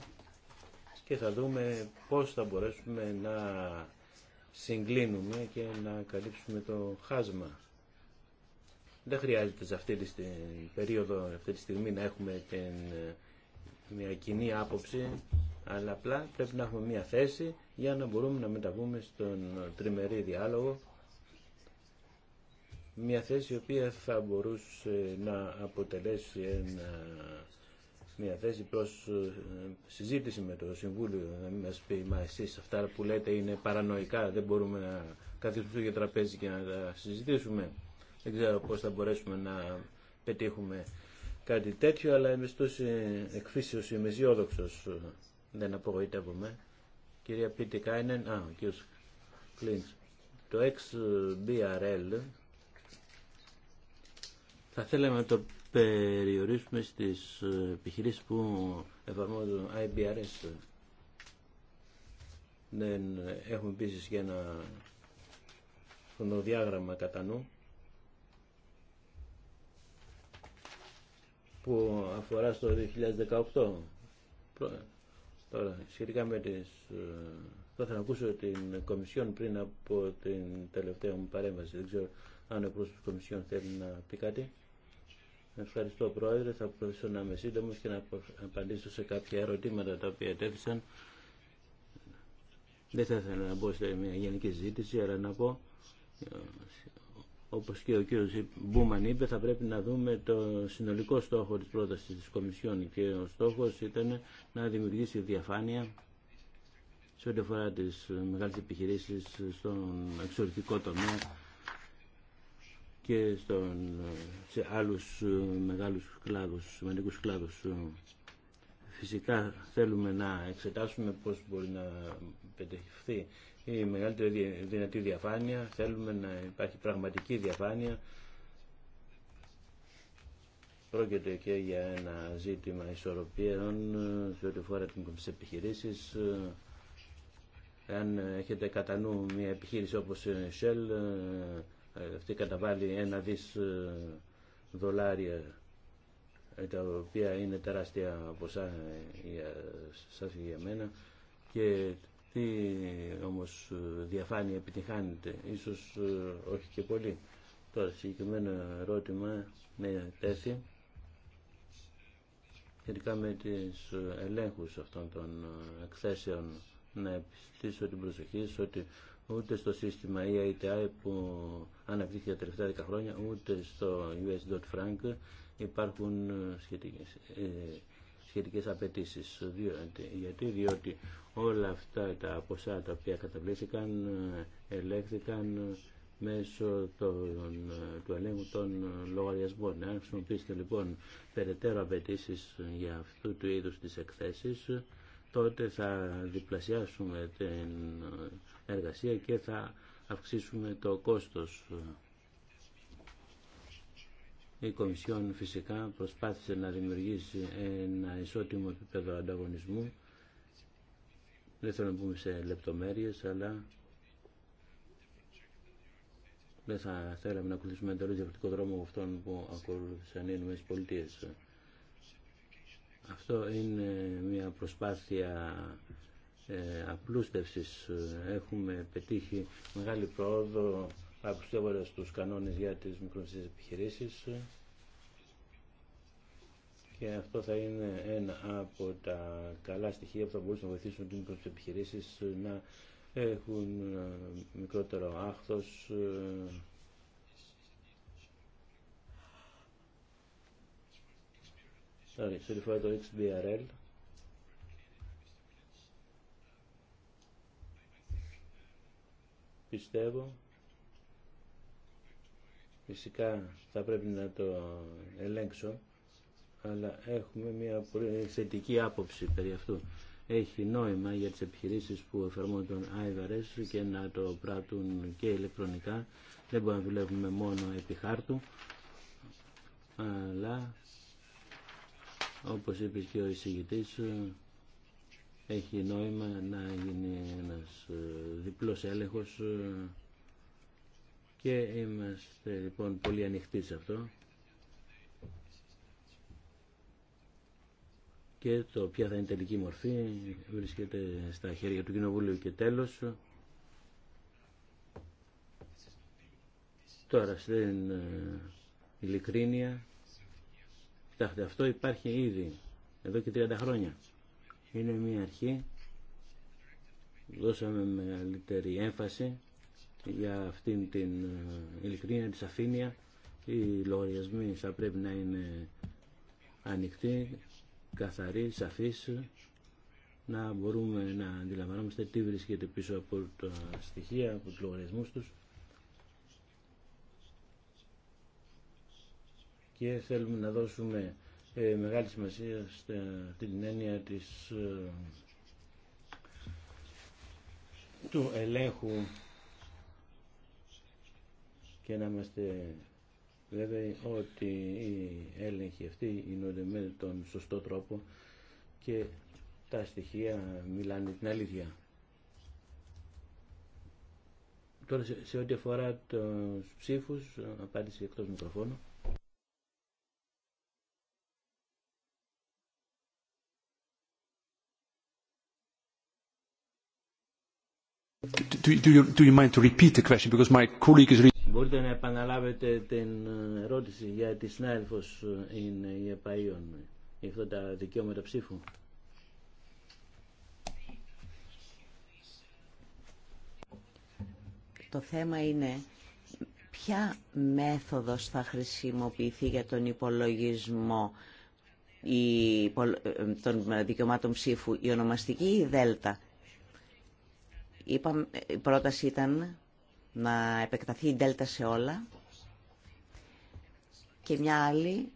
και θα δούμε πώς θα μπορέσουμε να συγκλίνουμε και να καλύψουμε το χάσμα. Δεν χρειάζεται σε αυτή την περίοδο, αυτή τη στιγμή να έχουμε μια κοινή άποψη, αλλά απλά πρέπει να έχουμε μια θέση για να μπορούμε να μεταβούμε στον τριμερή διάλογο μια θέση η οποία θα μπορούσε να αποτελέσει ένα, μια θέση προς ε, συζήτηση με το Συμβούλιο να μην μας πει μα εσείς αυτά που λέτε είναι παρανοϊκά δεν μπορούμε να καθίσουμε για τραπέζι και να τα συζητήσουμε δεν ξέρω πώς θα μπορέσουμε να πετύχουμε κάτι τέτοιο αλλά εμείς τόσοι εκφύσεως είμαι αισιόδοξο δεν απογοητεύομαι κυρία Πίτη είναι α, ο κύριος Κλίντς το XBRL θα θέλαμε να το περιορίσουμε στις ε, επιχειρήσεις που εφαρμόζουν IBRS. Δεν ε, έχουμε επίση και ένα χρονοδιάγραμμα κατά νου που αφορά στο 2018. Τώρα, σχετικά με τις... Ε, θα ήθελα να ακούσω την Κομισιόν πριν από την τελευταία μου παρέμβαση. Δεν ξέρω αν ο πρόσωπος της Κομισιόν θέλει να πει κάτι. Ευχαριστώ Πρόεδρε. Θα προσπαθήσω να είμαι σύντομος και να απαντήσω σε κάποια ερωτήματα τα οποία τέθησαν. Δεν θα ήθελα να μπω σε μια γενική ζήτηση, αλλά να πω, όπως και ο κύριος Μπούμαν είπε, θα πρέπει να δούμε το συνολικό στόχο της πρότασης της Κομισιόν και ο στόχος ήταν να δημιουργήσει διαφάνεια σε ό,τι αφορά τις μεγάλες επιχειρήσεις στον εξωτερικό τομέα και στον, σε άλλους ε, μεγάλους κλάδους, σημαντικούς κλάδους. Ε, φυσικά θέλουμε να εξετάσουμε πώς μπορεί να πετυχθεί η μεγαλύτερη δυνατή διαφάνεια. Θέλουμε να υπάρχει πραγματική διαφάνεια. Πρόκειται και για ένα ζήτημα ισορροπίων ε, σε ό,τι την τις επιχειρήσεις. Αν έχετε κατά νου μια επιχείρηση όπως η Shell, αυτή καταβάλει ένα δις ε, δολάρια ε, τα οποία είναι τεράστια ποσά ε, για σας για μένα και τι όμως διαφάνεια επιτυχάνεται ίσως όχι και πολύ τώρα συγκεκριμένο ερώτημα με τέθη σχετικά με τις ελέγχους αυτών των εκθέσεων να επιστήσω την προσοχή ότι ούτε στο σύστημα EITI που αναπτύχθηκε τα τελευταία 10 χρόνια, ούτε στο US.frank υπάρχουν σχετικές, ε, σχετικές απαιτήσει. Γιατί, διότι όλα αυτά τα ποσά τα οποία καταβλήθηκαν ε, ελέγχθηκαν μέσω των, του ελέγχου των λογαριασμών. Αν χρησιμοποιήσετε λοιπόν περαιτέρω απαιτήσει για αυτού του είδους τις εκθέσεις, τότε θα διπλασιάσουμε την εργασία και θα αυξήσουμε το κόστος. Η Κομισιόν φυσικά προσπάθησε να δημιουργήσει ένα ισότιμο επίπεδο ανταγωνισμού. Δεν θέλω να πούμε σε λεπτομέρειες, αλλά δεν θα θέλαμε να ακολουθήσουμε εντελώς διαφορετικό δρόμο από αυτόν που ακολούθησαν οι Ηνωμένες Πολιτείες. Αυτό είναι μια προσπάθεια ε, απλούστευσης. Ε, έχουμε πετύχει μεγάλη πρόοδο απλουστεύοντας τους κανόνες για τις μικρομεσαίες επιχειρήσεις και αυτό θα είναι ένα από τα καλά στοιχεία που θα μπορούσαν να βοηθήσουν τις μικρές επιχειρήσεις να έχουν ε, μικρότερο άχθος σε so XBRL πιστεύω φυσικά θα πρέπει να το ελέγξω αλλά έχουμε μια θετική άποψη περί αυτού. Έχει νόημα για τις επιχειρήσεις που εφαρμόζουν τον IVRS και να το πράττουν και ηλεκτρονικά. Δεν μπορούμε να δουλεύουμε μόνο επί χάρτου, αλλά όπως είπε και ο εισηγητής, έχει νόημα να γίνει ένας ε, διπλός έλεγχος ε, και είμαστε λοιπόν πολύ ανοιχτοί σε αυτό και το ποια θα είναι τελική μορφή βρίσκεται στα χέρια του Κοινοβουλίου και τέλος τώρα στην ε, ειλικρίνεια κοιτάξτε αυτό υπάρχει ήδη εδώ και 30 χρόνια είναι μια αρχή δώσαμε μεγαλύτερη έμφαση για αυτήν την ε, ειλικρίνεια, τη σαφήνεια. Οι λογαριασμοί θα πρέπει να είναι ανοιχτοί, καθαροί, σαφείς, να μπορούμε να αντιλαμβανόμαστε τι βρίσκεται πίσω από τα στοιχεία, από τους λογαριασμούς τους. Και θέλουμε να δώσουμε ε, μεγάλη σημασία στην την έννοια της, ε, του ελέγχου και να είμαστε βέβαιοι ότι οι έλεγχοι αυτοί γίνονται με τον σωστό τρόπο και τα στοιχεία μιλάνε την αλήθεια. Τώρα σε, ό,τι αφορά τους ψήφους, απάντηση εκτός μικροφώνου. Μπορείτε να επαναλάβετε την ερώτηση για τη συνάδελφος ε, είναι η για αυτά τα δικαιώματα ψήφου. Το θέμα είναι ποια μέθοδος θα χρησιμοποιηθεί για τον υπολογισμό ε, των δικαιωμάτων ψήφου, η ονομαστική ή η δέλτα η πρόταση ήταν να επεκταθεί η Δέλτα σε όλα και μια άλλη